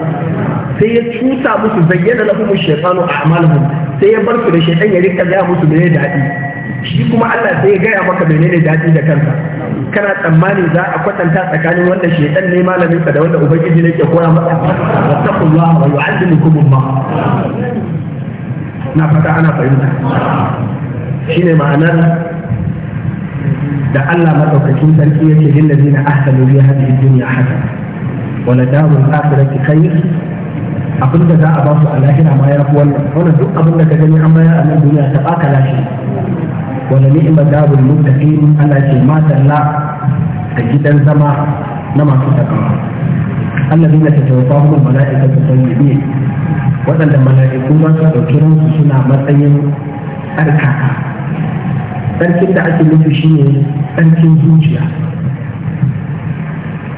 sai ya cuta musu zayyana lahum a a'malahum sai ya bar su da shaytan ya rika gaya musu da daɗi shi kuma Allah sai ya gaya maka menene daɗi da kansa kana tsammani za a kwatanta tsakanin wanda shaytan ne malaminsa da wanda ubangiji ne ke koya maka wattaqullaha wa kuma ma na fata ana fahimta shine ma'anar da Allah madaukakin sarki yake na ahsanu fi hadhihi ya hasana wala darul akhirati khair abin da za a ba su a lahira ma ya fi wannan wannan duk abin da ka gani an bayar a nan duniya ta baka lashi wala ni'ma darul muttaqin Allah ce ma talla a gidan zama na masu takawa alladhina tatawaffahum al-mala'ikatu tayyibin waɗanda mala'iku ma su dauki ransu suna matsayin tsarkaka tsarkin da ake nufi shine tsarkin zuciya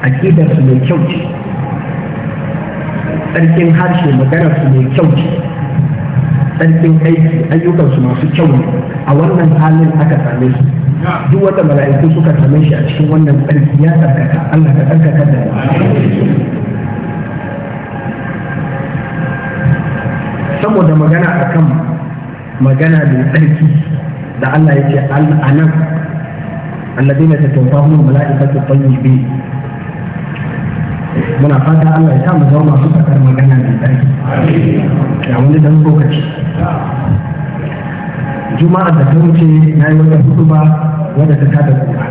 Akidarsu mai kyau ce tsarkin harshe maganar su mai kyau ce tsarkin aiki ayyukansu masu kyau ne a wannan halin aka same su duk wanda mala'iku suka same shi a cikin wannan tsarki ya tsarkaka Allah ka tsarkaka da saboda magana a kan magana mai tsarki da Allah ya ce a nan mala'ika ta الملائكة biyu. muna fata Allah ya samu zama masu sakar magana mai tsarki Ya wani dan lokaci juma'a da ta wuce na yi wata hudu ba wadda ta tada kura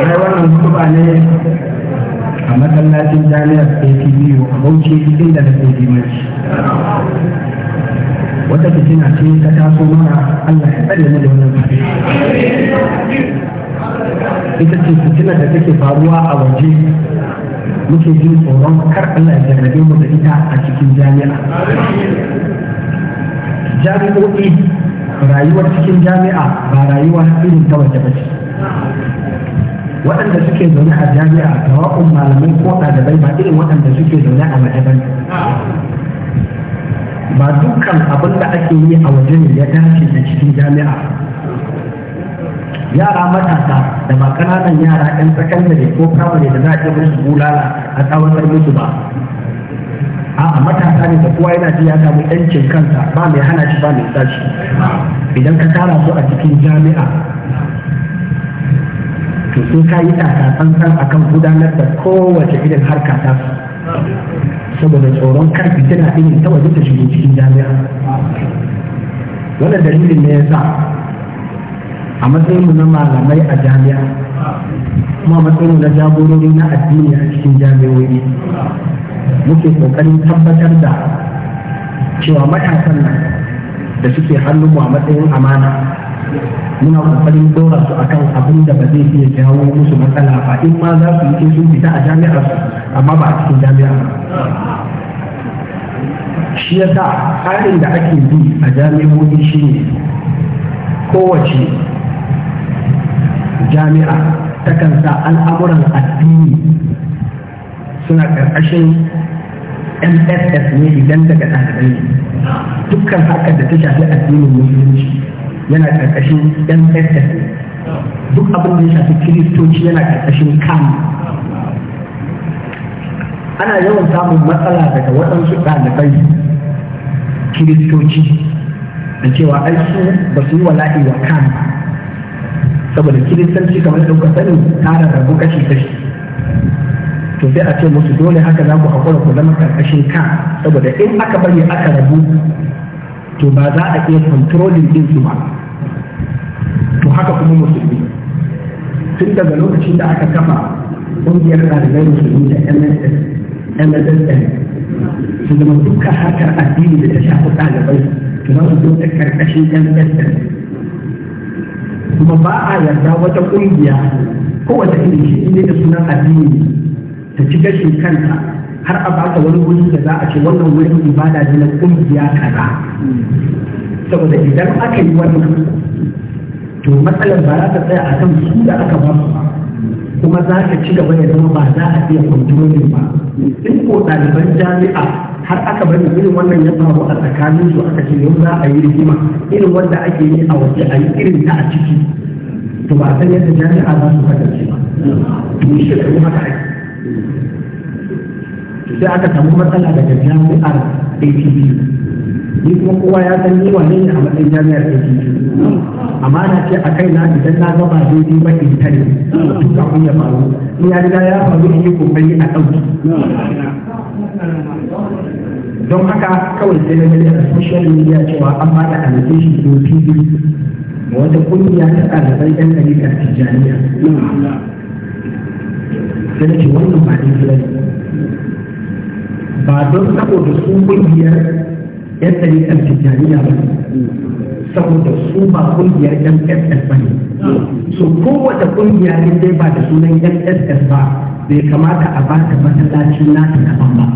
na wannan hudu ba ne a masallacin jami'ar APBU a Bauchi inda da ke wata fitina ce ta taso mana Allah ya tsare mu da wannan fitina ita ce fitina da take faruwa a waje muke jin tsoron kar Allah ya jarrabe mu da ita a cikin jami'a jami'o'i rayuwar cikin jami'a ba rayuwa irin ta waje ba ce waɗanda suke zaune a jami'a tawa'un malamai ko ɗalibai ba irin waɗanda suke zaune a waje ba ba dukkan abin da ake yi a waje ne ya dace da cikin jami'a yara matasa da ba kananan yara ɗan sakandare ko firamare da za a ce musu bulala a tsawatar musu ba a'a matasa ne da kowa yana ji ya samu yancin kansa ba mai hana shi ba mai shi. idan ka tara su a cikin jami'a to sai ka yi taka tsantsan akan gudanar da kowace irin harka ta saboda tsoron kar fitina irin ta waje ta shigo cikin jami'a wannan dalilin ne ya sa a matsayinmu na malamai a jami'a kuma matsayinmu na jagorori na addini a cikin jami'o'i muke kokarin tabbatar da cewa matasan nan da suke hannunmu a matsayin amana muna kokarin dora su akan abin da ba zai iya jawo musu matsala ba in ma za su yi sun fita a jami'ar su amma ba a cikin jami'a shi yasa tsarin da ake bi a jami'o'i shine kowace jami'a takan sa al'amuran addini suna ƙarƙashin mss ne idan daga ɗalibai dukkan haka da ta shafi addinin musulunci yana ƙarƙashin mss ne duk abin da ya shafi kiristoci yana ƙarƙashin kam ana yawan samun matsala daga waɗansu ɗalibai kiristoci da cewa ai su ba su yi wala'i wa kan saboda kiristanci kamar da kuka sani tara rabu kashi kashi to sai a ce musu dole haka za ku hakura ku zama karkashin ka saboda in aka bari aka rabu to ba za a iya controlling din su ba to haka kuma musulmi tun daga lokacin da aka kafa ƙungiyar ɗalibai musulmi da MSSN su zama dukkan harkar addini da ta shafi ɗalibai to za su zo ta karkashin MSSN kuma ba a yarda wata ƙungiya kowace irin shi ne da sunan addini ta ci gashin kanta har a baka wani wuri da za a ce wannan wurin ibada ne na ƙungiya kaza saboda idan aka yi wannan to matsalar ba za ta tsaya a kan su da aka ba ba kuma za ka ci gaba da zama ba za a iya kwantrolin ba in ko ɗaliban jami'a har aka bari irin wannan ya faru a tsakanin su aka ce yau za a yi rigima irin wanda ake yi a waje a yi irin ta a ciki to ba a san yadda jami'a za su kasance ba ni shekaru haka ake sai aka samu matsala daga jami'ar ATP ni kuma kowa ya san ni wane ne a matsayin jami'ar ATP amma na ce a kai na idan na gaba daidai ba in tare duk abin ya faru ni ya riga ya faru in yi kokari a ɗauki don haka kawai sai na gani a social media cewa an ba da allocation to pd wata kungiya ta ɗalibai ɗan ɗari a tijjaniya sai na ce wannan ba daidai ba ba don saboda su kungiyar ɗan ɗari a tijjaniya ba saboda su ba kungiyar ɗan ba ne. So kowace kungiya ne dai ba da sunan ɗan ba bai kamata a ba ta na ta daban ba.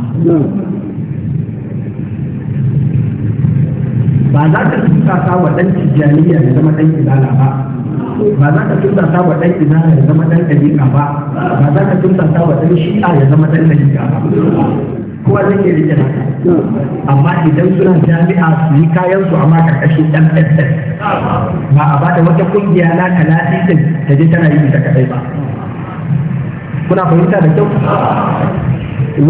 ba za ka tuntasa wa ɗan tijjaniya ya zama ɗan izala ba ba za ka tuntasa wa ɗan izala ya zama ɗan ɗabi'a ba ba za ka tuntasa wa ɗan shi'a ya zama ɗan ɗabi'a ba kowa zai ke rike haka amma idan suna jami'a su yi kayan su amma karkashin ɗan ɗan ba a bada wata ƙungiya na kalafi din ta je tana yi ta kaɗai ba kuna fahimta da kyau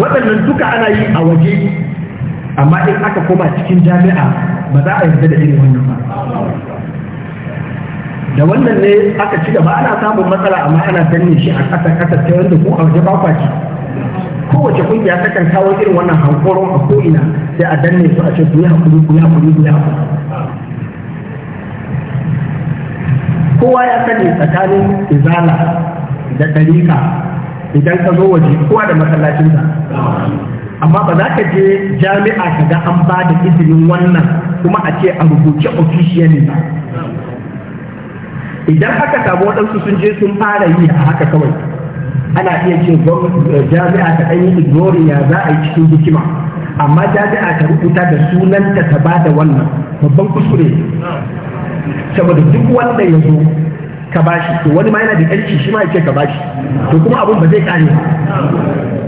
waɗannan duka ana yi a waje amma in aka koma cikin jami'a ba za a yarda da irin wannan ba da wannan ne aka ci gaba ana samun matsala amma ana danne shi a ƙasa ƙasa ta yadda ko a waje ba kwaci kowace kungiya ta kan kawo irin wannan hankoron a ko'ina sai a danne su a ce ku yi hakuri ku yi hakuri ku yi hakuri kowa ya sani tsakanin izala da ɗarika idan ka zo waje kowa da masallacinsa amma ba za ka je jami'a ka ga an ba da izinin wannan kuma a ce a rubuce official ba idan aka samu waɗansu sun je sun fara yi a haka kawai ana iya ce eh, jami'a ta ɗan yi ya za a yi cikin hikima amma jami'a ta rubuta da sunanta ta ba da wannan babban kuskure saboda duk wanda ya zo ka bashi to wani ma yana da ƙarfi shi ma ya ce ka bashi to kuma abun ba zai kare ba.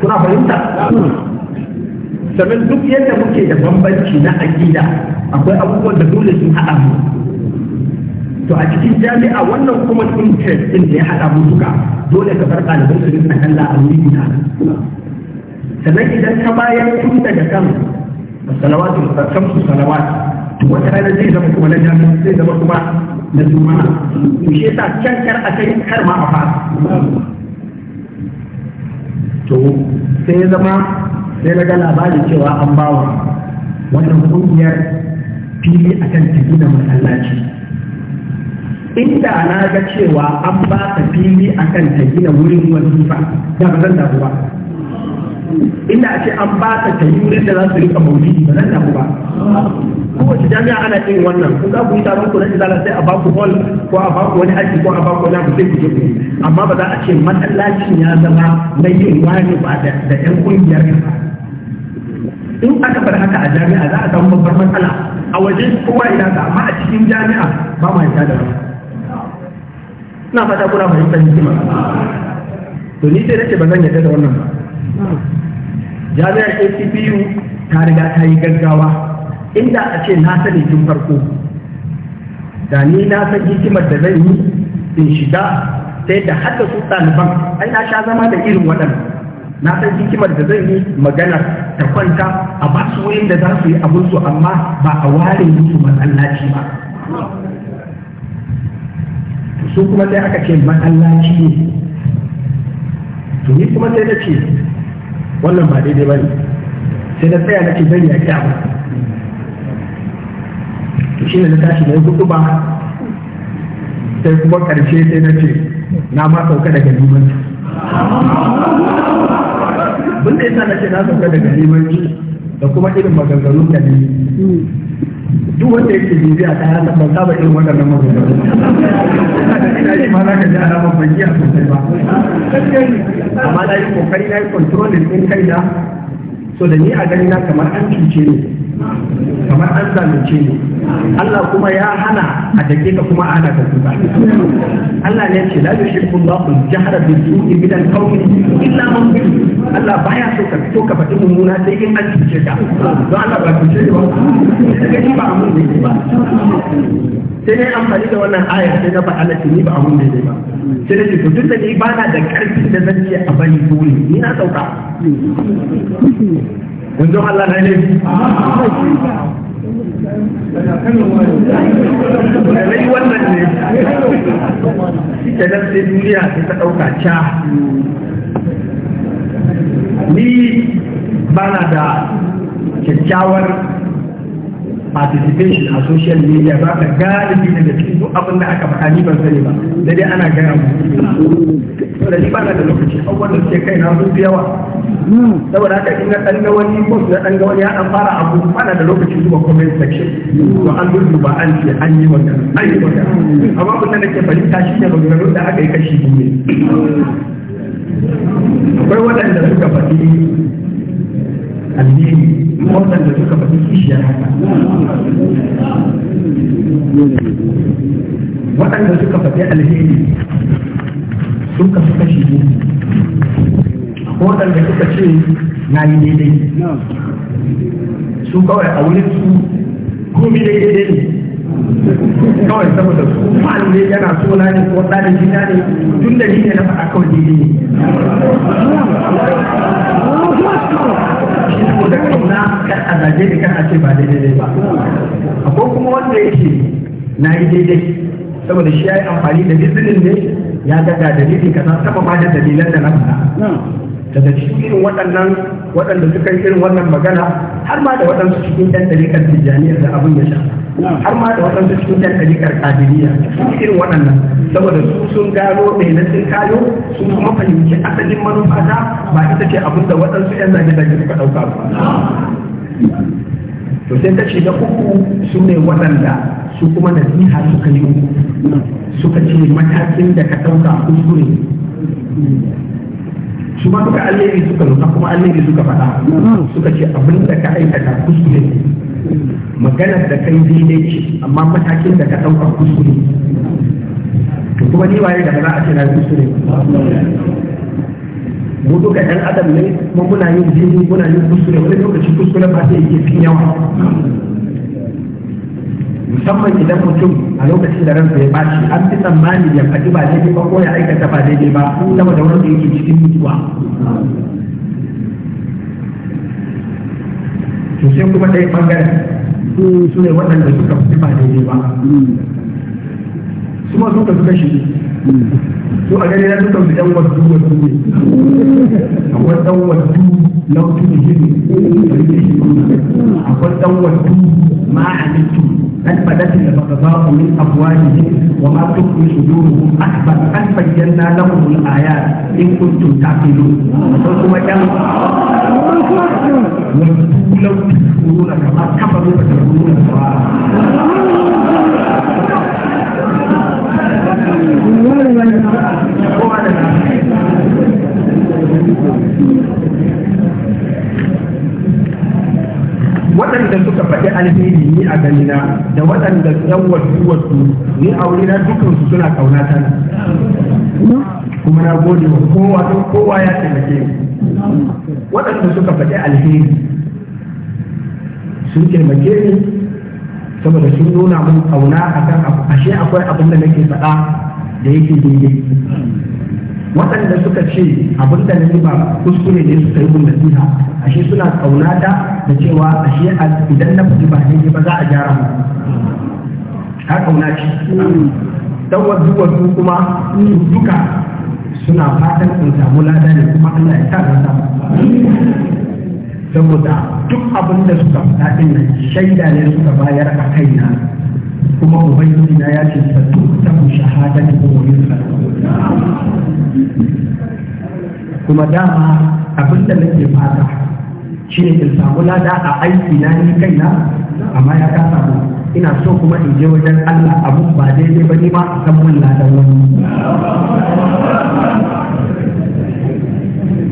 kuna fahimta sannan duk yadda muke da bambanci na aƙida akwai abubuwan da dole sun haɗa mu to a cikin jami'a wannan kuma interest din da ya haɗa mu duka dole ka bar ɗaliban su rinka kalla a wuri guda sannan idan ka bayar tun daga kan salawatu su salawatu to wata rana zai zama kuma na jami'a zai zama kuma na juma'a to shi yasa can kar a kai kar ma a fara to sai ya zama sai na ga labarin cewa an bawa wannan kungiyar fili akan ta gina masallaci inda na ga cewa an ba ta fili akan ta gina wurin wazifa da ba zan damu ba inda a ce an ba ta ta wurin da za su rika maulidi ba nan da ba kowace jami'a ana yin wannan ko za ku yi taron ku na izala sai a ba ku hall ko a ba ku wani aiki ko a ba ku wani abu sai ku je ku amma ba za a ce masallacin ya zama na yin wani ba da yan kungiyar ka in aka bar haka a jami'a za a samu babbar matsala a wajen kowa ina ka amma a cikin jami'a ba ma yarda da wani ina fata kuna fahimtar hikima to ni sai nake ba zan yarda da wannan ba jami'ar acpu ta riga ta yi gaggawa inda a ce na sani tun farko da ni na san hikimar da zan yi in shiga sai da hada su ɗaliban ai na sha zama da irin waɗannan. na san hikimar da zai yi magana ta kwanta a ba su wurin da za su yi abin su amma ba a ware musu matsalaci ba su kuma sai aka ce matsalaci ne to ni kuma sai na ce wannan ba daidai ba ne sai na tsaya nake bari a kyamu to shi ne na tashi na yi hudu ba sai kuma ƙarshe sai na ce na ma sauka daga limanci bunda yasa na ce na sauka daga limanci da kuma irin maganganun da ne duk wanda yake bibiya a kayan san ban saba irin waɗannan mazuba ina yi ma za ka ji alamar ban iya sosai ba amma na yi kokari na yi kontrolin ɗin kai na so da ni a gani na kamar an cuce ni kamar an zalunce ni Allah kuma ya hana a dake ka kuma hana ka kuka Allah ne ce la yushriku Allahu jahra bil su'i min al qawli illa man bi Allah baya so ka fito ka faɗi mummuna sai in an cuce ka don Allah ba cuce ba kaga ni ba amun ne ba sai dai amfani da wannan aya sai na faɗa lati ni ba amun ne ba sai dai to duk da ni ba na da karfi da zan iya a bani dole ni na sauka yanzu Allah na ne rai wannan ne ita sai duniya sai ta ɗauka ca ni ba na da kyakkyawar participation a social media ba ka galibi daga cikin duk abin da aka faɗa ni ban sani ba da dai ana gaya mu da ni ba na da lokaci abubuwan da ce kai na sun fi yawa saboda haka in na ga wani ko na dan ga wani ya ɗan fara abu ba na da lokaci zuwa comment section to an lullu ba an ce an yi wannan an yi wannan amma abin da nake ta shi ne maganganun da aka yi kashi ne akwai waɗanda suka faɗi addini waɗanda suka faɗi kishiyar haka waɗanda suka faɗi alheri sun kasu kashi ne waɗanda suka ce na yi daidai su kawai a wurin su komi daidai kawai saboda su ma'an ne yana so na ne ko jina ne tun da ni ne na faɗa kawai daidai ne shi ko da kauna kan a zage da kan a ce ba daidai ba akwai kuma wanda yake na yi daidai saboda shi ya yi amfani da izinin ne ya daga dalilin kaza sama ma da dalilan da na faɗa daga cikin irin waɗannan waɗanda suka yi irin wannan magana har ma da waɗansu cikin ɗan kan tijjaniyar da abin ya shafa har ma da waɗansu cikin yan ɗalikar kadiriya irin waɗannan saboda su sun gano mai na sun kayo su kuma fahimci asalin manufata, ta ba ita ce abin da waɗansu yan zage-zage suka ɗauka ba to sai ta na uku su ne waɗanda su kuma ziha suka yi suka ce matakin da ka ɗauka kuskure su ma duka alheri suka nuna kuma alleri suka faɗa hmm. suka ce abin da ka aikata kuskure maganar da kai daidai ce amma matakin da ka ɗauka kuskure to kuma ni waye da ba za a ce na kuskure mu duka ɗan adam ne kuma muna yin jini muna yin kuskure wani lokaci kuskure ba sai yake fi yawa musamman idan mutum a lokacin da ransa ya baci an fi tsammani ya faɗi ba daidai ba ko ya aikata ba daidai ba sama da wanda yake cikin mutuwa to kuma ɗaya ɓangaren su ne waɗanda suka fi ba daidai ba su ma suka suka shi to a gani na suka bi ɗan wasu wasu ne akwai ɗan wasu lautu da jini akwai ɗan wasu ma'anitu an faɗaɗin da baka ba ku min abuwaji wa ma su ku su duru an bayyana lahum al-ayat in kuntum taqilun to kuma ɗan wasu lautu da kama kafa lokacin da waɗanda suka faɗi alheri ni a ganina da waɗanda ɗan wasu wasu ni a wurina dukansu suna ta kuma na gode wa kowa don kowa ya taimake ni waɗanda suka faɗi alheri sun taimake ni saboda sun nuna mun ƙauna akan ashe akwai abin da nake faɗa da yake daidai waɗanda suka ce abin da na ba kuskure ne suka yi nasiha ashe suna kaunata da cewa ashe idan na fiti ba daidai ba za a gyara mu ka kauna ce dan wadu kuma duka suna fatan in samu lada ne kuma Allah ya sa na saboda duk abin da suka faɗa ɗin nan shaida ne suka bayar a kaina kuma ubangiji na ya ce ta ta ku shahada ta kuma yin kuma dama abin da nake fata shi ne in samu lada a aiki na ni kaina amma ya ka samu ina so kuma in je wajen Allah abu ba daidai ba ni ma a san mun ladan wani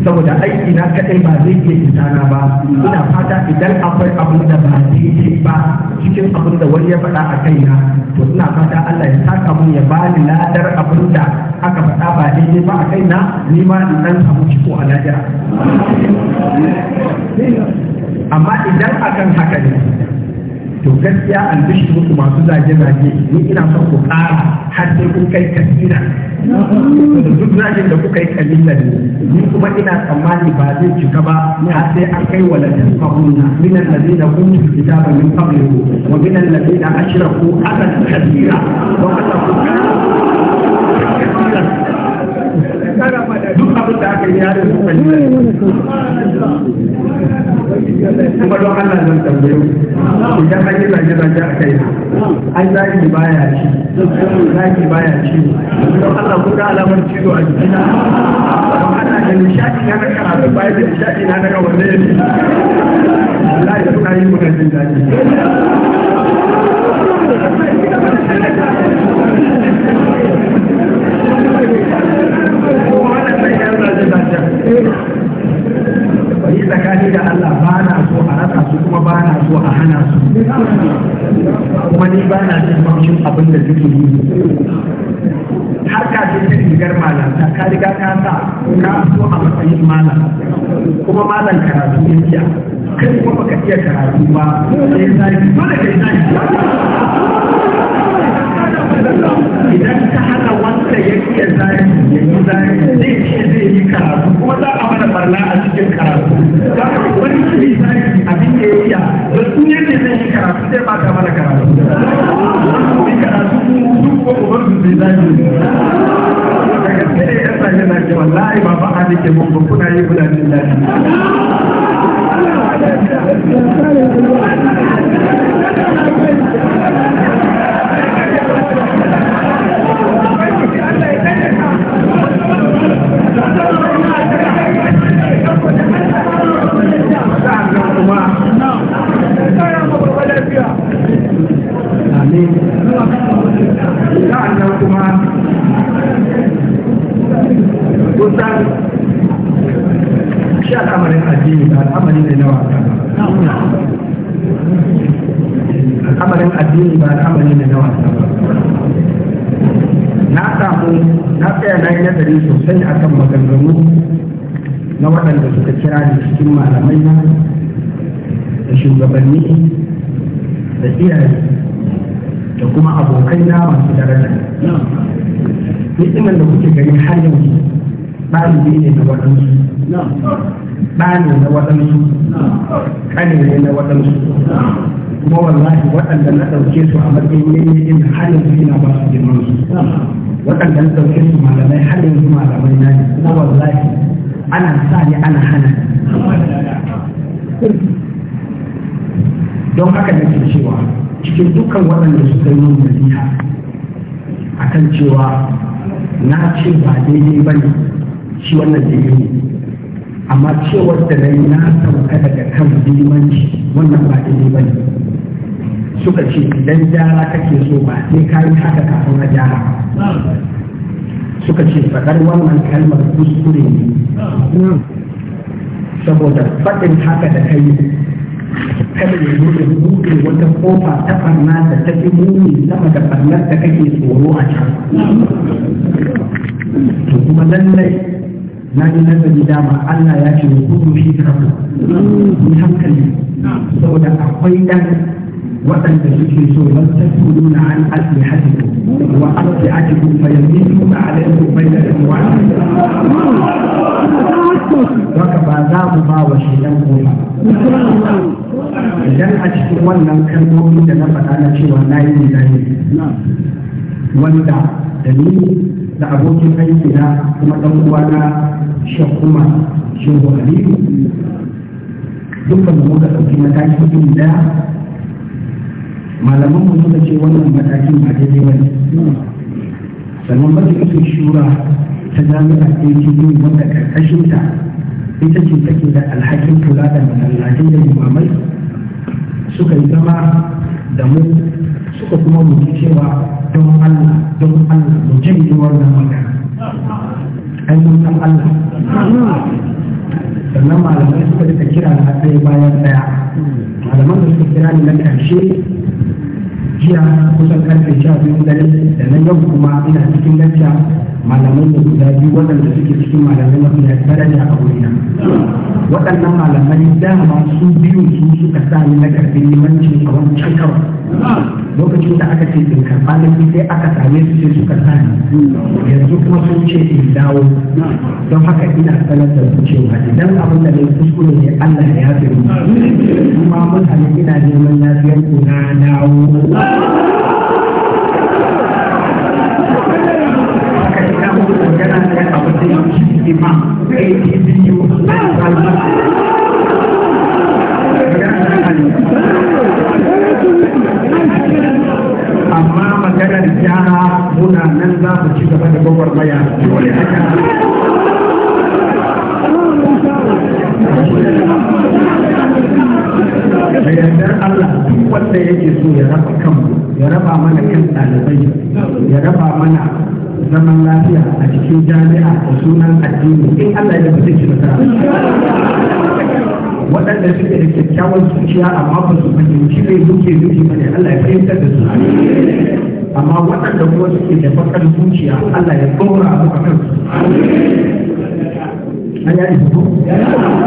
saboda aiki na kadai ba zai iya na ba ina fata idan akwai abin da ba daidai ba cikin abin da wani ya faɗa a kaina to ina fata Allah ya saka mun ya bani ladar abin da aka faɗa ba daidai ba a kaina ni ma in dan samu ciko a ladar amma idan akan haka ne to gaskiya an bishi muku masu zage-zage ni ina son ku ƙara har sai kun kai kasira duk zagin da kuka yi kalila ne ni kuma ina tsammani ba zai cika ba har sai an kai wa latin fahuna min allazina kuntu kitaba min qablihi wa ko allazina ashraku adan kasira don Allah ku duk abin da aka yi ya da su fahimta kuma don Allah zan tambayo idan an yi zage zage a kai an zagi baya ci zagi baya ci don Allah kun ga alamar cizo a jikina ana da nishadi na na karatu baya da nishadi na na kawanne ne Allah ya suna yi muna jin daji Thank you. ne zancen yi tsakani da Allah ba na so a rasa su kuma ba na so a hana su kuma ni ba na jin mamshin abin da suke yi har ka ce ta rigar malam ta ka riga ka sa ka so a matsayin malam kuma malam karatu ya biya, kai kuma baka iya karatu ba sai sai dole kai sai idan ta hana wanda ya iya zai ya yi zai zai ce zai yi karatu kuma za a mana barna a cikin karatu za ka wani shi zai abin da ya iya da sun yadda zai yi karatu zai bata mana karatu wani karatu duk ko uban su zai zai daga sai ya sa yana ce wallahi ba ba a da ke mun kuna yi kuna jin daɗi Thank you. al'amarin addini ba al'amari ne na wasa na samu na tsaya na yi nazari sosai akan maganganu na waɗanda suka kira da cikin malamai na, da shugabanni da iyaye da kuma abokai na masu daraja iman da kuke gani har yanzu ɗalibi ne na waɗansu ɗani na waɗansu ƙane ne na waɗansu kuma wallahi waɗanda na ɗauke su a matsayin yanyi din har yanzu ina ba su girman su waɗannan ɗaukin malamai har yanzu malamai na ne na wallahi ana sa ne ana hana don haka ke cewa cikin dukkan waɗanda suka yi min nasiha kan cewa na ce ba daidai ba ne shi wannan da ne amma cewar da na yi na sauka daga kan limanci wannan ba daidai ba ne suka ce idan jara kake so ba sai ka yi haka kafin na jara suka ce faɗar wannan kalmar kuskure ne saboda faɗin haka da kai kada ya zo da buɗe wata kofa ta farna da ta fi muni sama da farnar da kake tsoro a can to kuma lallai na yi nazari dama Allah ya ce kudu shi ta ni hankali saboda akwai dan وأن تجلسوا ما تسألون عن أسلحتكم وأرجعتكم فيمينكم عليكم بينكم الأموال. ركب عذابها وشيئا إذن أشكر ولن كان مؤمنا لقد أنا شيء ولا يدري ذلك. نعم. ولد دليل لأبوك فيسنا ثم ثم نموت في مكان كتب الله malaman mu suka ce wannan matakin a daidai ba sannan majalisar shura ta jami'a jami'ar ATP wanda karkashinta ita ce take da alhakin kula da masallatai da limamai suka yi zama da mu suka kuma rubuta cewa don Allah don Allah mu janye wannan magana ai mun san Allah sannan malamai suka rika kira na ɗaya bayan ɗaya malaman da suka kira ni na ƙarshe jiya kusan karfe sha biyu dare da na yau kuma ina cikin lacca malamai da guda biyu waɗanda suke cikin malamai mafiya daraja a wurina waɗannan malamai dama su biyu su suka sami na ƙarfin limanci a wancan kawai lokacin da aka ce in karɓa lafi sai aka same su sai suka sami yanzu kuma sun ce in dawo don haka ina sanar da su cewa idan abin da mai kuskure ne Allah ya yafe mu kuma mutane ina neman lafiyar ku na dawo ìmá bẹ́ẹ̀ kì í bí yóò. fahimtar da su amma waɗanda kuma suke da bakar zuciya Allah ya tsora a kan su an yi